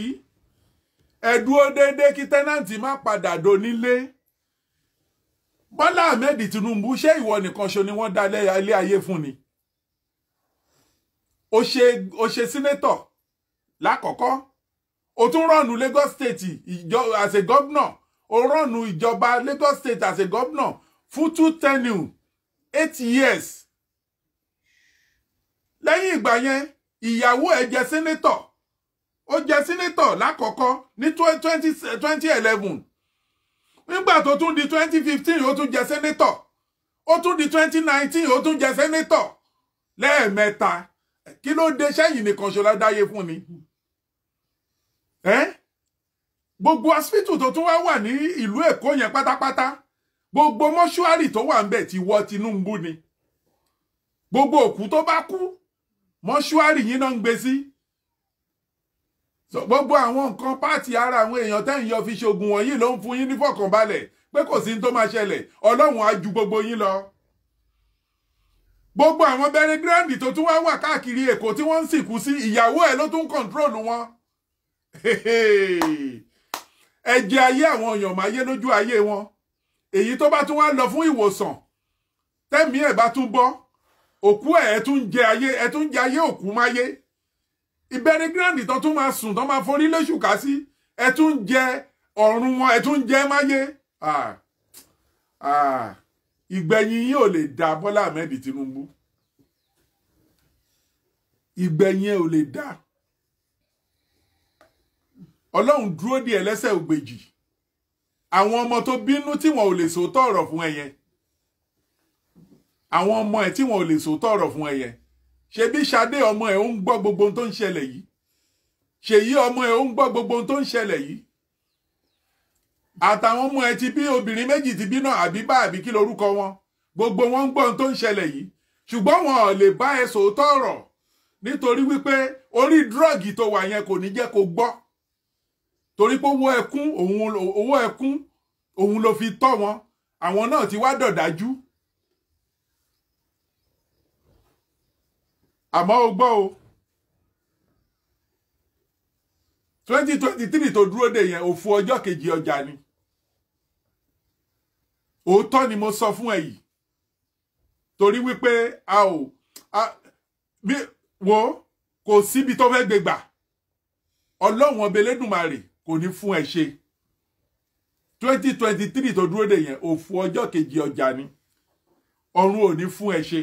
ẹ dúró déédéé kí tẹ́nàntì má padà donílé Bọ́lá Ahmed Tinubu ṣé ìwọ nìkan ṣo ni wọ́n dá ilé ayé fún ni o ṣe o ṣe sínétọ̀ lákọ̀ọ́kọ́ o tún rọ̀nù Lagos State ìjọ as a governor o rọ̀nù ìjọba Lagos State as a governor fún two tenure eight years lẹ́yìn ìgbà yẹn ìyàwó ẹ̀ jẹ́ sínétọ̀ ó jẹ́ sínétọ̀ lákọ̀ọ́kọ́ ní twenty eleven nígbà tó tún di twenty fifteen ó tún jẹ́ sínétọ̀ ó tún di twenty nineteen ó tún jẹ́ sínétọ̀ lẹ́ẹ̀mẹ́ta kí ló dé sẹ́yìn nìkan ṣọlá dáyé fún ni gbogbo hospital tó tún wá wà ní ìlú Èkó yẹn pátápátá gbogbo mọ́ṣúárì tó wà ń bẹ̀ ti wọ Tinubu ni gbogbo òkú tó bá kú mọ́ṣúárì yín náà ń gbé sí gbogbo àwọn nǹkan páàtì ara àwọn èèyàn tẹ́yìn yọ fi ṣoògùn wọ̀nyí ló ń fún yín ní fọkànbalẹ̀ pé kò sí ní tó máa ṣẹlẹ̀ ọlọ́run á ju gbogbo yín lọ gbogbo àwọn bẹ̀rẹ̀ gíràndì tó tún wá wà káàkiri èkó tí wọ́n ń sìnkú sí ìyàwó ẹ̀ ló tún kọ̀ǹtrólù wọn ẹ̀jẹ̀ ayé àwọn èèyàn máa yé lójú ayé wọn èyí tó bá tún wá lọ fún ìwòsàn tẹ́mi ẹ̀ bá tún bọ́ òkú ẹ̀ ẹ̀ tún jẹ ayé ẹ̀ tún jẹ ayé òkú máyé ìbẹ̀rẹ̀ gíràndì tó tún máa sùn tó máa forí léṣùkà sí ẹ̀ tún jẹ ọ̀run wọn ẹ̀ tún jẹ máyé ìgbẹ̀yìn yìí ò lè dá Bọ́lá Ahmed Tinubu ìgbẹ̀yìn ò lè dá ọlọ́run dúró di ẹlẹ́sẹ̀ ògbèjì àwọn ọmọ tó bínú tí wọn ò lè sòótọ́ ọ̀rọ̀ fún ẹ yẹn àwọn ọmọ ẹ̀ tí wọn ò lè sòótọ́ ọ̀rọ̀ fún ẹ̀yẹ ṣebí Ṣadé ọmọ ẹ̀ ó ń gbọ́ gbogbo ohun tó ń ṣẹlẹ̀ yìí Ṣèyí ọmọ ẹ̀ ó ń gbọ́ gbogbo ohun tó ń ṣẹlẹ̀ yìí àtàwọn ọmọ ẹ̀ ti bí obìnrin méjì ti bí náà àbí bá àbí kí lorúkọ wọn gbogbo wọn ń gbọ́ ohun tó ń ṣẹlẹ̀ yìí ṣùgbọ́n wọn ò lè bá ẹ sòótọ́ ọ̀rọ̀ nítorí wípé orí dírọ́ọ̀gì tó wà yẹn kò ní jẹ́ kó gbọ́ torí pé owó ẹkún òun ló fi tọ́ wọn àwọn náà ti wá dọ̀dájú àmọ́ o gbọ́ o twenty twenty three tó dúró dè yẹn òfu ọjọ́ kejì ọjà ni òótọ́ ni mo sọ fún ẹ yìí torí wípé a ò wo kò síbi tó fẹ́ gbégbà ọlọ́run ọba Elédùmarè kò ní fún ẹ ṣe twenty twenty three tó dúró dè yẹn òfu ọjọ́ kejì ọjà ni ọ̀run ò ní fún ẹ ṣe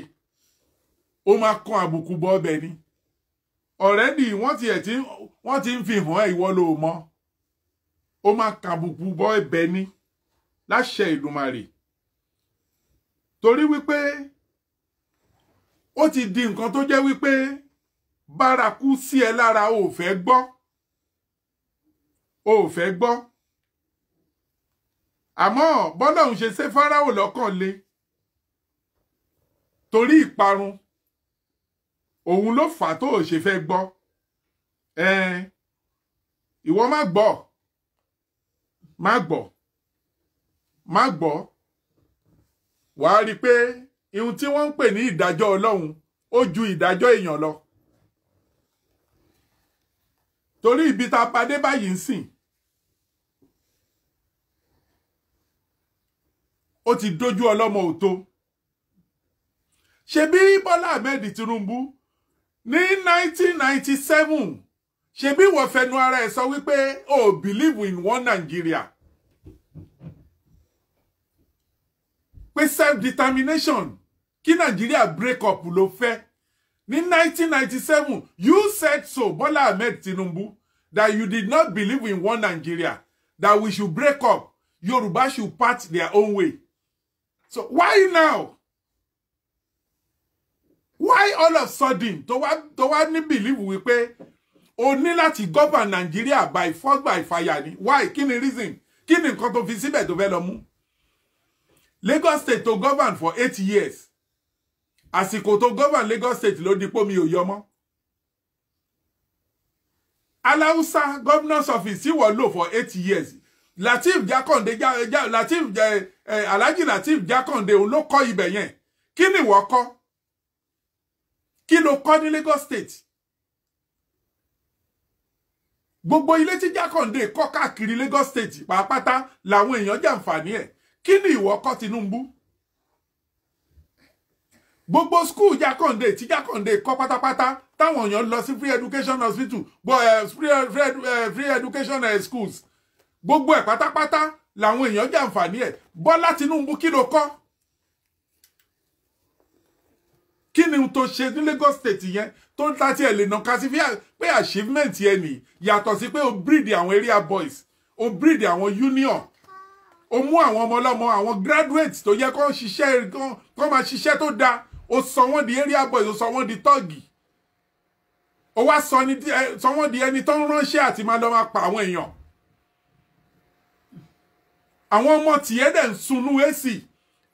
ó máa kan àbùkù bọ́ ọbẹ̀ ni ọ̀rẹ́dì wọ́n ti ẹ̀ tí wọ́n ti ń fi hàn ẹ́ ìwọ ló mọ̀ ó máa kàbùkù bọ́ ẹ̀bẹ̀ ni láṣẹ ìlúmarè torí wípé ó ti di nǹkan tó jẹ́ wípé bárakú sí ẹ lára ò fẹ́ gbọ́ ò fẹ́ gbọ́ àmọ́ bọ́lọ́hún ṣe ṣe fáráò lọ́kàn le torí ìparun òun ló fà tó ò ṣe fẹ́ gbọ́ ìwọ má gbọ́ má gbọ́ má gbọ́ wàá rí i pé ihun tí wọ́n ń pè ní ìdájọ́ ọlọ́run ó ju ìdájọ́ èèyàn lọ torí ibi tá a padé báyìí ń sìn ó ti dójú ọlọ́mọ òtó ṣebí Bọ́lá Ahmed Tinubu ní 1997 ṣebí ìwọ fẹnu ara ẹ sọ wípé o believe in one Nigeria pé self determination kí Nigeria break up ló fẹ́ ní 1997 you said so Bola Ahmed Tinubu that you did not believe in one Nigeria that we should break up Yoruba should part their own way so why now why all of a sudden tó wá tó wá ní believe wípé o ní láti govern Nigeria by force by fire ni why kí ni reason kí ni nǹkan tó fi síbẹ̀ tó fẹ́ lọ mú Lagos state to govern for eight years àsìkò tó govern Lagos state ló di pómi ò yọ mọ́ Aláùsá governors office ìwọ lò for eight years Latif Jákàndé ja, ja, Lateef eh, eh, Alhaji Lateef Jákàndé òun ló kọ́ ibẹ̀ yẹn kí ni ìwọ kọ́ kí ló kọ́ ní Lagos State gbogbo ilé tí Jákàndé kọ́ káàkiri Lagos State pàápàá làwọn èèyàn jàǹfààní ẹ̀ kí ni ìwọ kọ́ Tinubu gbogbo skul jákàndé tí jákàndé kọ́ pátápátá táwọn èèyàn lọ sí free education hospital bo, uh, eh, free, free, uh, free education uh, schools gbogbo ẹ̀ pátápátá làwọn èèyàn jàǹfààní ẹ̀ Bọ́lá Tinubu kí ló kọ́ kí ni tó ṣe ní Lagos state yẹn tó ń ta tiẹ̀ lè nà ká sí pé achievement yẹn nì yàtọ̀ sí pé o breed àwọn area boys o breed àwọn union o mú àwọn ọmọ ọlọ́mọ àwọn graduates tó yẹ kó ṣiṣẹ́ kó máa ṣiṣẹ́ tó dáa o sọ wọ́n di area boys o sọ wọ́n di tọ́ọ̀gì o wá sọ wọ́n di ẹni tó ń ránṣẹ́ àti máa lọ máa pa àwọn èèyàn àwọn ọmọ tìyẹ́ dẹ̀ ń sunú èsì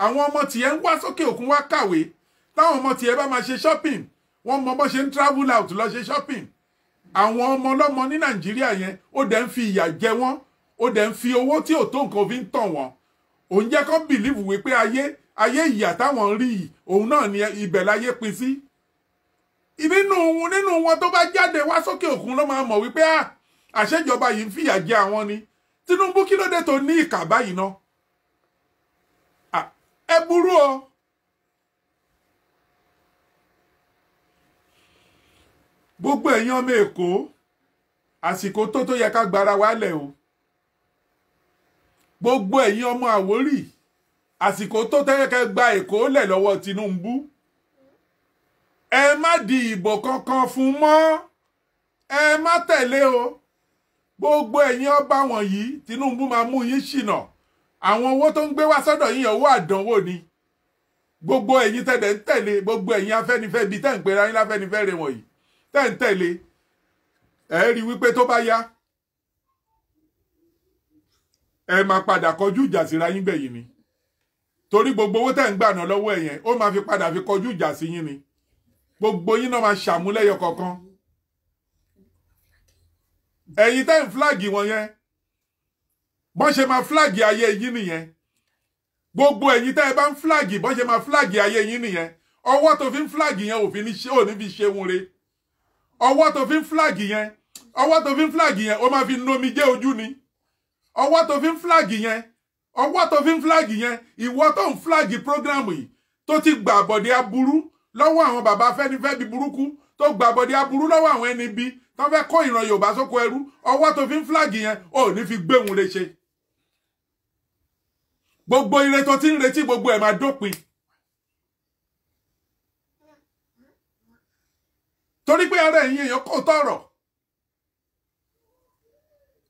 àwọn ọmọ tìyẹ́ ń wá sókè òkun wá kàwé táwọn ọmọ tiẹ̀ bá máa ṣe shopping wọ́n mọ bó ṣe ń travel out lọ ṣe shopping àwọn ọmọ ọlọ́mọ ní nàìjíríà yẹn ó dẹ̀ ń fi ìyà jẹ wọ́n ó dẹ̀ ń fi owó tí ò tó nǹkan fi ń tàn wọ́n òun jẹ́ kó bìlíìfù wípé ayé ayé ìyà táwọn ń rí yìí òun náà ni ibẹ̀ láyé pin sí nínú nínú wọn tó bá jáde wá sókè òkun ló máa mọ̀ wípé ah àṣejọba yìí ń fìyà jẹ àwọn ni Tinubu kí ló dé tó ní ìkà báyìí ná ah, ẹ burú o gbogbo èèyàn ọmọ èkó àsìkò tó tó yẹ ká gbára wálẹ̀ o gbogbo ẹ̀yin ọmọ àwórì àsìkò tó tẹ́yẹ kẹ́ gba èkó lẹ̀ lọ́wọ́ Tinubu ẹ má di ìbò kankan fún mọ́ ẹ má tẹ̀lé o gbogbo ẹ̀yin ọba wọ̀nyí Tinubu máa mú yín ṣìnà àwọn owó tó ń gbé wá sọ́dọ̀ yín owó àdánwò ni gbogbo ẹ̀yin tẹ̀dẹ̀ ń tẹ̀lé gbogbo ẹ̀yin afẹ́nifẹ́ bíi tẹ̀ ń pera yín láfẹ́nifẹ́ rẹ̀ wọ̀nyí tẹ́ ń tẹ̀lé ẹ rí wípé tó bá yá ẹ máa padà kọjú ìjà síra yín gbẹ̀yìn ni torí gbogbo owó tẹ́ ń gbà náà lọ́wọ́ ẹ̀yẹn ó máa fi padà fi kọjú ìjà sí yín ni gbogbo yín náà máa ṣàmúlẹ́yọ kọ̀ọ̀kan ẹ̀yin tẹ́ ń fúláàgì wọn yẹn bọ́n ṣe máa fúláàgì ayé yín nìyẹn gbogbo ẹ̀yin tẹ́ ẹ bá ń fúláàgì bọ́n ṣe máa fúláàgì ayé yín nìyẹn ọwọ́ tó fi ń fúláàgì yẹn ò ní fi ṣe òun ọwọ́ tó fi ń flag yẹn ọwọ́ tó fi ń flag yẹn ó máa fi nomi jẹ́ ojú ni ọwọ́ tó fi ń flag yẹn ọwọ́ tó fi ń flag yẹn ìwọ tó ń flag program yìí tó ti gbà bọ̀dé aburú lọ́wọ́ àwọn bàbá afẹ́nifẹ́bi burúkú tó gbà bọ̀dé aburú lọ́wọ́ àwọn ẹni bí tó fẹ́ kó ìran Yorùbá sóko ẹrú ọwọ́ tó fi ń flag yẹn ò ní fi gbéhùn lè ṣe gbogbo ire tó ti ń retí gbogbo ẹ̀ máa dópin torí pé ara ẹ̀yin èèyàn kò tọrọ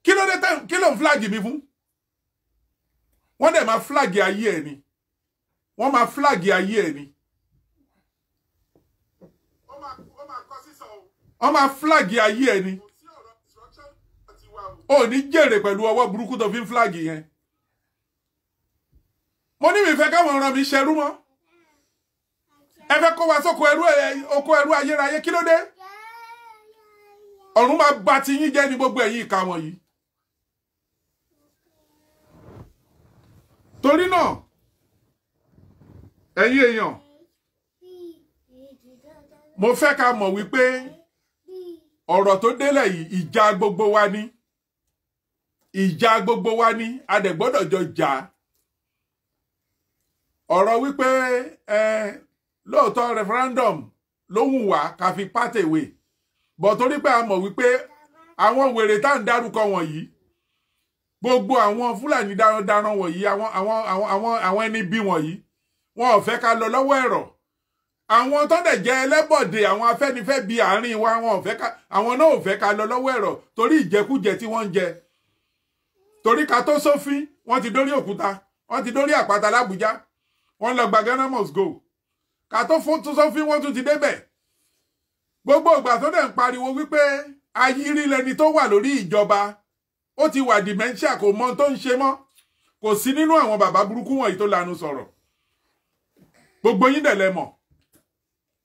kí ló dé tán kí ló ń flag mi fún wọ́n dẹ̀ máa flag ayé ẹ̀ ni wọ́n máa flag ayé ẹ̀ ni wọ́n máa flag ayé ẹ̀ ni ò ní jèrè pẹ̀lú ọwọ́ burúkú tó fi ń flag yẹn mo ní mi fẹ́ káwọn ọ̀ràn mi ṣerú mọ́ ẹ fẹ́ kó wa sóko ẹrú oko ẹrú ayérayé kí ló dé ọ̀run máa ba ti yín jẹ́ ní gbogbo ẹ̀yin ìka wọ̀nyí. torí náà ẹ̀yin èèyàn mo fẹ́ ká mọ̀ wípé ọ̀rọ̀ tó délẹ̀ yìí ìjà gbogbo wa ni ìjà gbogbo wa ni a dẹ̀ gbọ́dọ̀ jọ jà ọ̀rọ̀ wípé ẹ lóòótọ́ referendum ló wù wá ká fi pátèwé bọ̀ torí pé a mọ̀ wípé àwọn wèrè tá à ń dárúkọ wọ̀nyí gbogbo àwọn fúlàní darandaran wọ̀nyí àwọn àwọn àwọn àwọn ẹni bí wọ̀nyí wọn ò fẹ́ ká lọ lọ́wọ́ ẹ̀rọ àwọn tó dẹ̀ jẹ́ ẹlẹ́bọ̀dè àwọn afẹ́nifẹ́ bíi àárín wa wọn ò fẹ́ ká àwọn náà ò fẹ́ ká lọ lọ́wọ́ ẹ̀rọ torí ìjẹkújẹ tí wọ́n ń jẹ torí ká tó sófin wọ́n ti dórí òkúta wọ́n ti dórí àpáta lábújá wọ́n lọ gba Ghana must go ká tó fún tún sọ fún wọn tún ti débẹ̀ gbogbo ìgbà tó dẹ̀ ń pariwo wípé ayírí lẹni tó wà lórí ìjọba ó ti wà dementia kò mọ tó ń ṣe mọ́ kò sí nínú àwọn bàbá burúkú wọ̀nyí tó lanu sọ̀rọ̀ gbogbo yín dẹ̀ lẹ mọ̀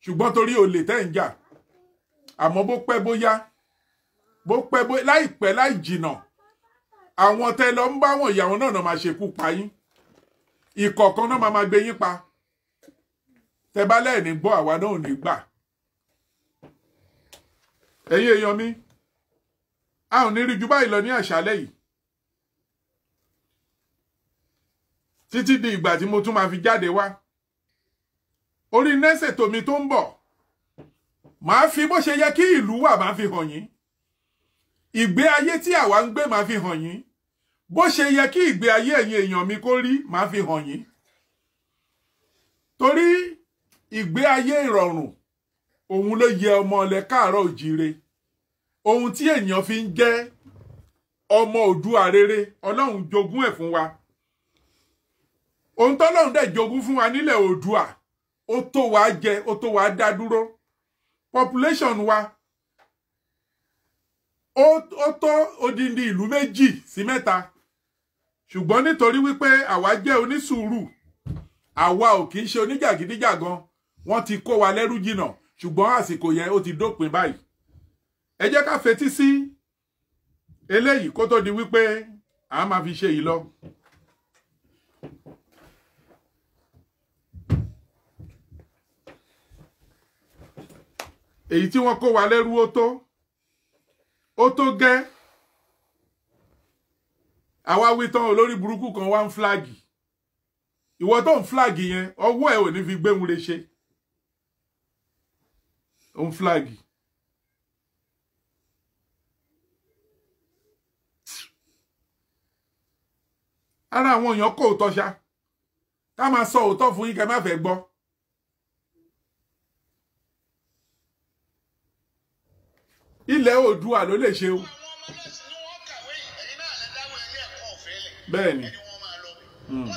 ṣùgbọ́n torí olè tẹ́ ń jà àmọ́ bó pẹ́ bóyá bó pẹ́ bóyá láìpẹ́ láì jìnà àwọn tẹ́ lọ ń bá wọn ìyàwó náà máa ṣekú pa yín ìkọ̀ọ̀kan náà máa máa gbé yín pa tẹ bá lẹ́ẹ̀ni gbọ́ àwa náà ní gbà ẹ̀yin èèyàn mi a ò ní rí ju báyìí lọ ní àṣálẹ́ yìí títí di ìgbà tí mo tún máa fi jáde wá orí nẹ́sẹ̀ tòmi tó ń bọ̀ màá fi bó ṣe yẹ kí ìlú wà máa fi hàn yín ìgbé ayé tí àwa ń gbé máa fi hàn yín bó ṣe yẹ kí ìgbé ayé ẹ̀yin èèyàn mi kó rí máa fi hàn yín torí ìgbé ayé ìrọ̀rùn òun ló yẹ ọmọ ilẹ̀ káàárọ̀ òjíire ohun tí èèyàn fi ń jẹ́ ọmọ òdúà rere ọlọ́run jogún ẹ̀ fún wa ohun tọ́lọ́run dẹ̀ jogún fún wa nílẹ̀ òdúà ó tó wa jẹ ó tó wa dá dúró population wa ó tó odindi ìlú méjì sí mẹ́ta ṣùgbọ́n nítorí wípé àwa jẹ́ onísùúrù àwa ò kì í ṣe oníjàgídíjàgan wọ́n ti kó wa lẹ́rú jìnà ṣùgbọ́n àsìkò yẹn ó ti dópin báyìí ẹ jẹ́ ká fetí sí eléyìí kó tó di wípé a máa fi ṣe yìí lọ. èyí tí wọ́n kó wa lẹ́rú ó tó ó tó gẹ́ àwa wí tán olórí burúkú kan wá ń fúláàgì ìwọ tó ń fúláàgì yẹn ọwọ́ ẹ ò ní fi gbéhun lè ṣe um flag ara àwọn èèyàn kó òótọ́ ṣá ká máa sọ òótọ́ fún yín kẹ́ má fẹ́ gbọ́ ilẹ̀ oòdùà ló lè ṣe o bẹ́ẹ̀ ni. Mm.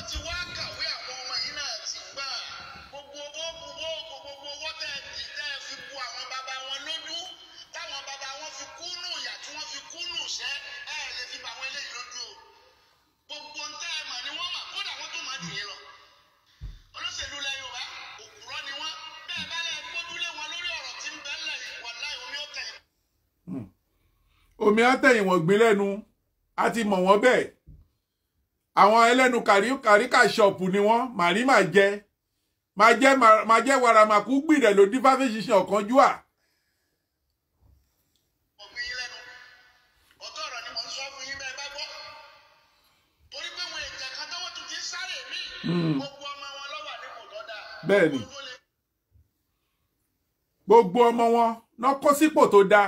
á tẹ̀yìn wọ̀n gbé lẹ́nu a ti mọ̀ wọ́n bẹ́ẹ̀ àwọn ẹlẹ́nu kàríkà ṣọ̀pù ni wọ́n màrí mà jẹ mà jẹ mà jẹ wàràmàkú gbìrẹ̀ ló dín fáfẹ́ ṣiṣẹ́ ọ̀kánjúwà. bẹ́ẹ̀ ni gbogbo ọmọ wọn náà kó sípò tó dáa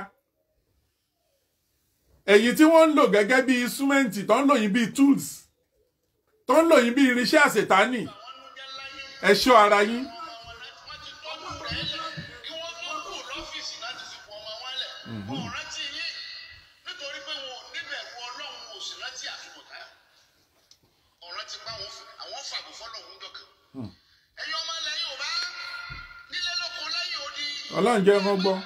ẹ̀yin tí wọ́n ń lò gẹ́gẹ́ bí instrumenti tó ń lò yín bí tools tó ń lò yín bí irinṣẹ́ àṣetánì ẹ ṣọ́ ara yín. Mm-hmm. ọlọ́run jẹ́ wọ́n gbọ́.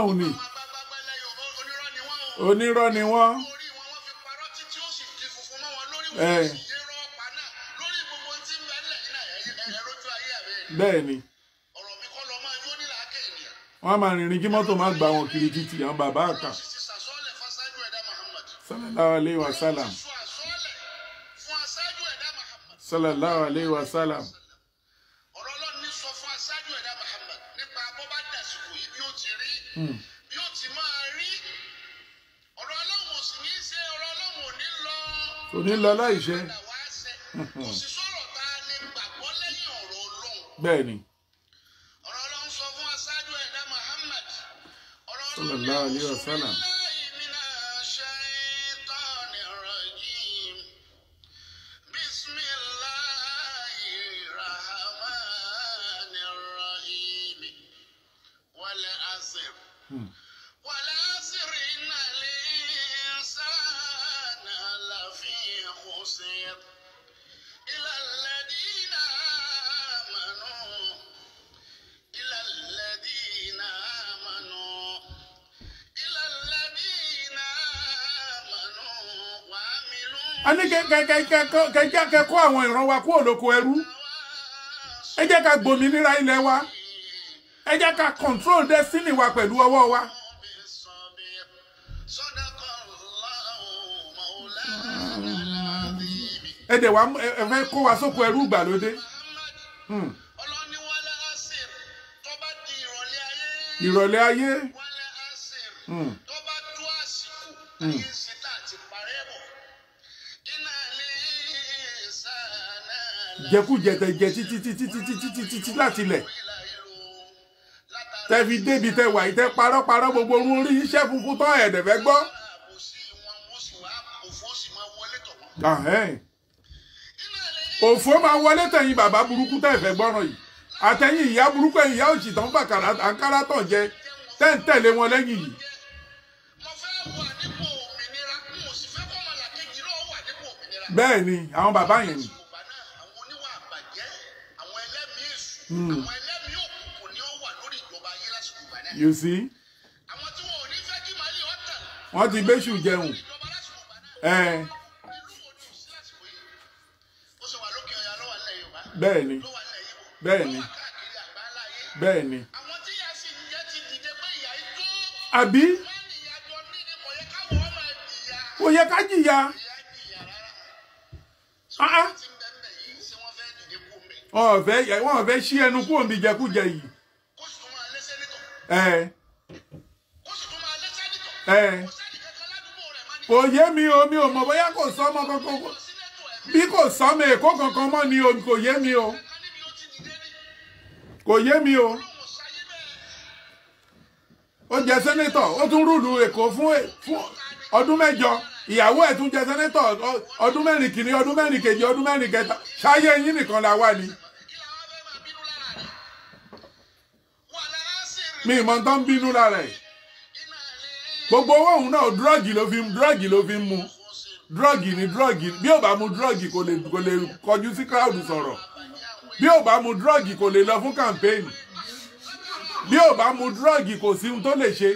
ọlọ́run ni onírọ́ ni wọ́n bẹ́ẹ̀ ni wọ́n máa rìnrìn kí mọ́tò máa gbà wọn kiri títì àwọn bàbá àkà sallallahu alayhi wa sallam sallallahu alayhi wa sallam. yóò hmm. ti máa rí ọ̀rọ̀ ọlọ́run ò sì ní í ṣe ọ̀rọ̀ ọlọ́run ò ní lọ. kò ní lọ láì ṣe. kò sí sọ̀rọ̀ tá a gbàgbọ́ lẹ́yìn ọ̀rọ̀ ọlọ́run. bẹ́ẹ̀ni. ọ̀rọ̀ ọlọ́run sọ fún aṣáájú ẹ̀dá Muhammad ọ̀rọ̀ ọlọ́run ní kẹjá kẹkọ àwọn ìran wa kúrò lóko ẹrú ẹ jẹ́ ká gbòmìnira ilẹ̀ wa ẹ ká control destiny wa pẹ̀lú ọwọ́ wa. ẹ dẹ̀ wá ẹ fẹ́ kó wa sóko ẹrú ìgbàlódé. Hmm. ìrọ̀lẹ́ ayé. ìrọ̀lẹ́ hmm. hmm. jẹkújẹ tẹ jẹ títí títí títí títí títí láti ilẹ̀ tẹ fi débi tẹ wà yìí tẹ parọ́ parọ́ gbogbo orun orí iṣẹ́ funfun tán ẹ̀dẹ̀ fẹ́ gbọ́. òfò máa wọlé tẹ̀yìn bàbá burúkú tẹ̀ fẹ́ gbọ́ràn yìí àtẹ̀yìn ìyá burúkú ẹ̀yìn ìyá òjì tán bà àǹkárá tàn jẹ tẹ̀ ń tẹ̀lé wọn lẹ́yìn yìí. bẹ́ẹ̀ ni àwọn bàbá yẹn ni. Hmm. you see. àwọn tí wọn ò ní fẹ́ kí màálì wọn tàn. wọ́n ti gbéṣù jẹun. bẹ́ẹ̀ ni bẹ́ẹ̀ ni bẹ́ẹ̀ ni. àbí. kò yẹ ká jìyà. kò yẹ wọn fẹ́ wọn fẹ́ ṣí ẹnu kúrò níbi jẹkújẹ yìí. kó sì tún máa lé sẹ́nitọ̀. ẹ. kó sì tún máa lé sẹ́nitọ̀. ẹ. kò mi o mi ò mọ̀ bóyá kò sọ́mọ kankan bí kò sọ́mọ èkó kankan mọ́ ni o kò yé mi o kò yé mi o ó jẹ sẹ́nitọ̀ ó tún rúùlù èkó fún fún ọdún mẹ́jọ ìyàwó ẹ̀ tún jẹ sẹ́nẹ́tọ̀ ọdún mẹ́rin kìíní ọdún mẹ́rin kejì ọdún mẹ́rin kẹta ṣáyé yín nìkan la wà ní. mi ìmọ̀ tán ń bínú lára ẹ̀ gbogbo owó òun náà dúrọ́ọ̀gì ló fi ń dúrọ́ọ̀gì ló fi mu dúrọ́ọ̀gì ni dúrọ́ọ̀gì bí ò bá mu dúrọ́ọ̀gì kò lè kò lè kọjú sí kíláàdù sọ̀rọ̀ bí ò bá mu dúrọ́ọ̀gì kò lè lọ fún kàmpéènì bí ò bá mu dúrọ́ọ̀gì kò sí ohun tó lè ṣe.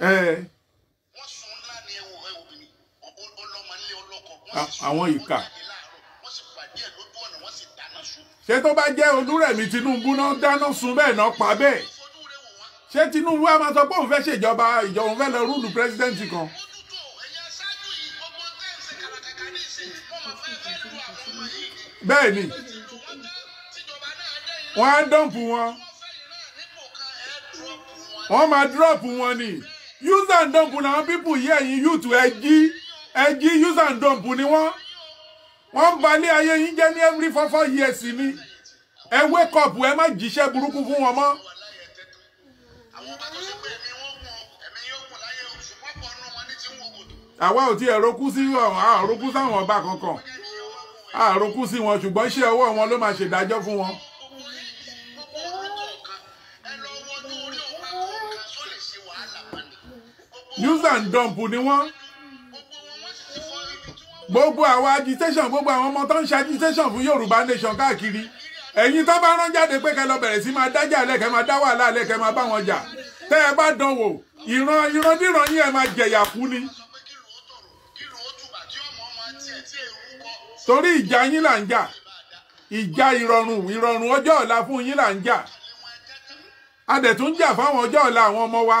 wọ́n sùn ńlá ni ẹwọ obìnrin ọlọ́mọ nílé ọlọ́kọ wọ́n sì sùn ńlá ni láàárọ̀ wọ́n sì pàdé ẹ̀ lójú ọ̀nà wọ́n sì dáná sun. ṣé tó bá jẹ́ olúrẹ̀mí Tinubu náà dáná sun bẹ́ẹ̀ náà pa bẹ́ẹ̀ ṣé Tinubu á máa sọ pé òun fẹ́ ṣèjọba ìjọ òun fẹ́ lọ rúùlù pírẹsidẹ́ǹtì kan. bẹ́ẹ̀ ni wọ́n á dọ̀pù wọn wọ́n máa dúrọ̀pù wọn ni use and dump làwọn pípù yí ẹ̀yin youth ẹ̀jí ẹ̀jí use and dump ni wọ́n wọ́n ń balẹ̀ ayé yín jẹ́ ní every four four years ni ẹ wake up ẹ má jíṣẹ́ burúkú fún wọn mọ́. àwa ò tiẹ̀ rokú sí àrokú sáwọn ọba kankan àrokú sí wọn ṣùgbọ́n iṣẹ́ ọwọ́ wọn ló máa ṣèdájọ́ fún wọn. use and dump ni wọ́n gbogbo àwọn agitation gbogbo àwọn ọmọ tó ń ṣe agitation fún Yorùbá nation káàkiri ẹ̀yin tó bá rán jáde pé kẹ́ lọ bẹ̀rẹ̀ sí máa dájà alẹ́ kẹ́ máa dá wàhálà alẹ́ kẹ́ máa bá wọn jà tẹ́ ẹ bá dán wò ìran ìran díran yín ẹ máa jẹ̀yà kú ni. torí ìjà yín là ń jà ìjà ìrọ̀rùn ìrọ̀rùn ọjọ́ ọ̀la fún yín là ń jà a dẹ̀ tún jà fáwọn ọjọ́ ọ̀la àwọn ọmọ wa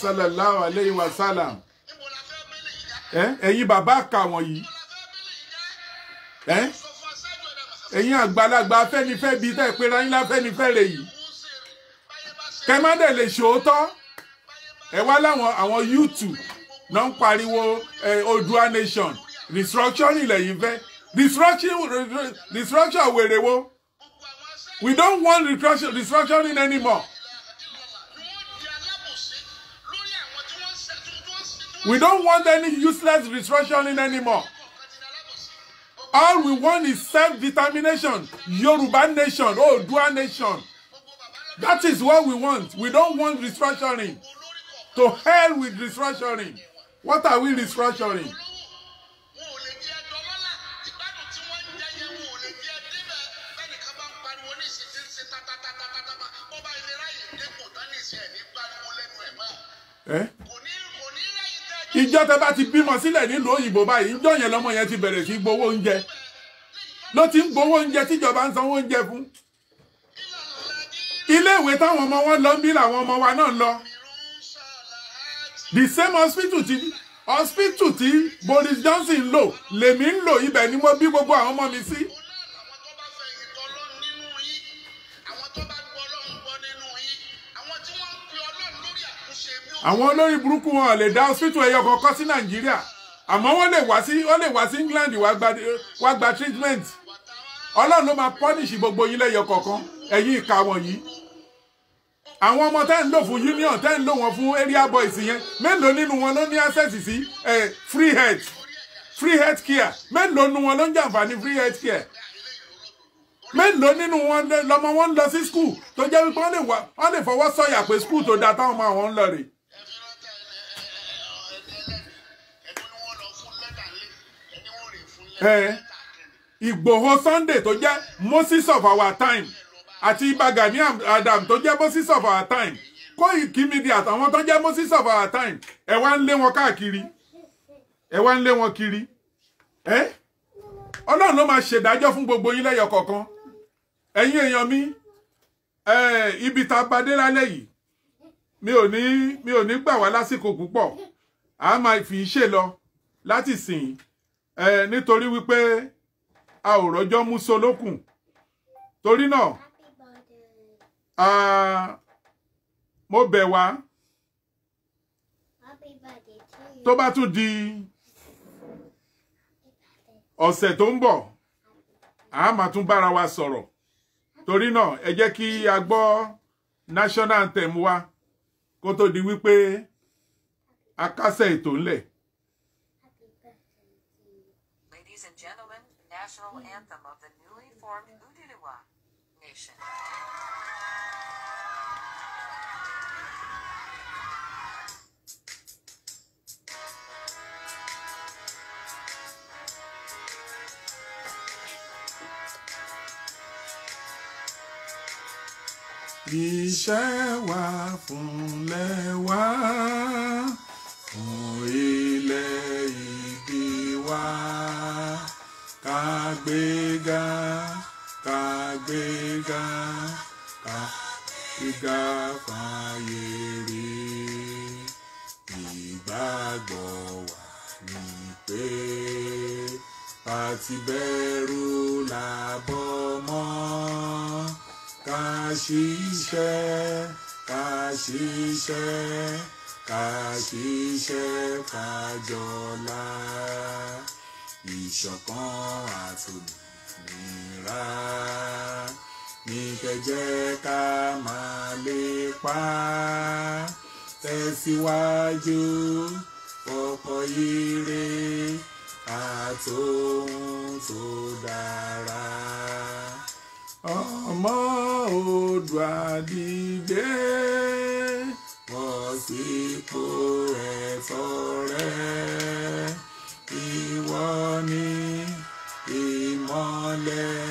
sallallahu alayhi wa sallam ẹ̀yin bàbá àkà wọ̀nyí ẹ̀yin àgbàlagbà afẹ́nifẹ́ bíi tẹ́ pé ra yín láfẹ́nifẹ́re yìí kẹ́ má dẹ̀ lè ṣòótọ́ ẹ wá láwọn àwọn yúùtù náà ń pariwo Odua nation destruction ilẹ̀ yìí fẹ́ destruction wèrè wo we don't want destruction in anymore. We don't want any useless restructuring anymore. All we want is self-determination, Yoruba nation, Oodua nation. That is what we want. We don't want restructuring. To hell with restructuring. What are we restructuring? Eh? ìjọ tẹ bá ti bímọ sílẹ̀ nílùú òyìnbó báyìí ìjọ yẹn lọmọ yẹn ti bẹ̀rẹ̀ sí gbowó oúnjẹ ló ti ń gbowó oúnjẹ tíjọba ń sanwó oúnjẹ fún iléèwé táwọn ọmọ wọn lọ ń bí làwọn ọmọ wa náà lọ the same hospital ti hospital ti Boris Johnson lò lèmi ń lò ibẹ̀ ni mo bí gbogbo àwọn ọmọ mi sí. Si àwọn olórí burúkú wọn lè dá hospital ẹyọ kọ̀ọ̀kan sí nàìjíríà àmọ́ wọ́n lè wá sí wọ́n lè wá sí england wá gba treatment ọlọ́run ló máa pọ́nìṣì gbogbo yín lẹ́yọ kọ̀ọ̀kan ẹ̀yin ìka wọ̀nyí àwọn ọmọ tẹ́ ń lò fún union tẹ́ ń lò wọ́n fún area boys yẹn mélòó nínú wọn ló ní access sí free health free health care mélòó nínú wọn ló ń jàǹfààní free health care mélòó nínú wọn lọmọ wọn lọ sí school tó jẹ́ wípé wọ́n lè fọwọ́ sọ̀yà pé school tó da táwọn ọmọ àwọn ń lọ rèé Ìgbòho Sunday tó jẹ́ Moses of our time àti Ìbà Gani Adam tó jẹ́ Moses of our time Koiki Media àtàwọn tó jẹ́ Moses of our time ẹ wá ń lé wọn káàkiri ẹ wá ń lé wọn kiri Ọlọ́run ló máa ṣèdájọ́ fún gbogbo yín lẹ́yọ kọ̀ọ̀kan ẹ̀yin èèyàn mi ibi tá a bá dé lálẹ́ yìí mi ò ní mi ò ní gbà wá lásìkò púpọ̀ a máa fi ṣe lọ láti sìn nítorí wípé a ò rọ́jọ́ mú solókùn torí náà mo bẹ̀ wá tó bá tún di ọ̀sẹ̀ tó ń bọ̀ a máa tún bára wa sọ̀rọ̀ torí náà ẹ jẹ́ kí a gbọ́ national anthem wa kó tó di wípé a kásẹ̀ ètò ńlẹ̀. Iṣẹ́ wa fúnlẹ̀ wá, fún ilẹ̀ ìbí wa. Kàgbéga, kàgbéga, kàgbéga fàyè rí. Ìgbàgbọ́ wa ni pé àti bẹ̀rù làbọ̀ mọ́ ká ṣiṣẹ́ ká ṣiṣẹ́ ká ṣiṣẹ́ ká jọlá ìṣọ̀kan àtòmìnira ní kẹjẹ ká máa lépa tẹ̀síwájú ọkọ̀ ire àtòhun tó dára. ọmọ Oòduà dìde wọ́n sípò ẹ̀tọ́ rẹ ìwọ ni ìmọ́lẹ̀.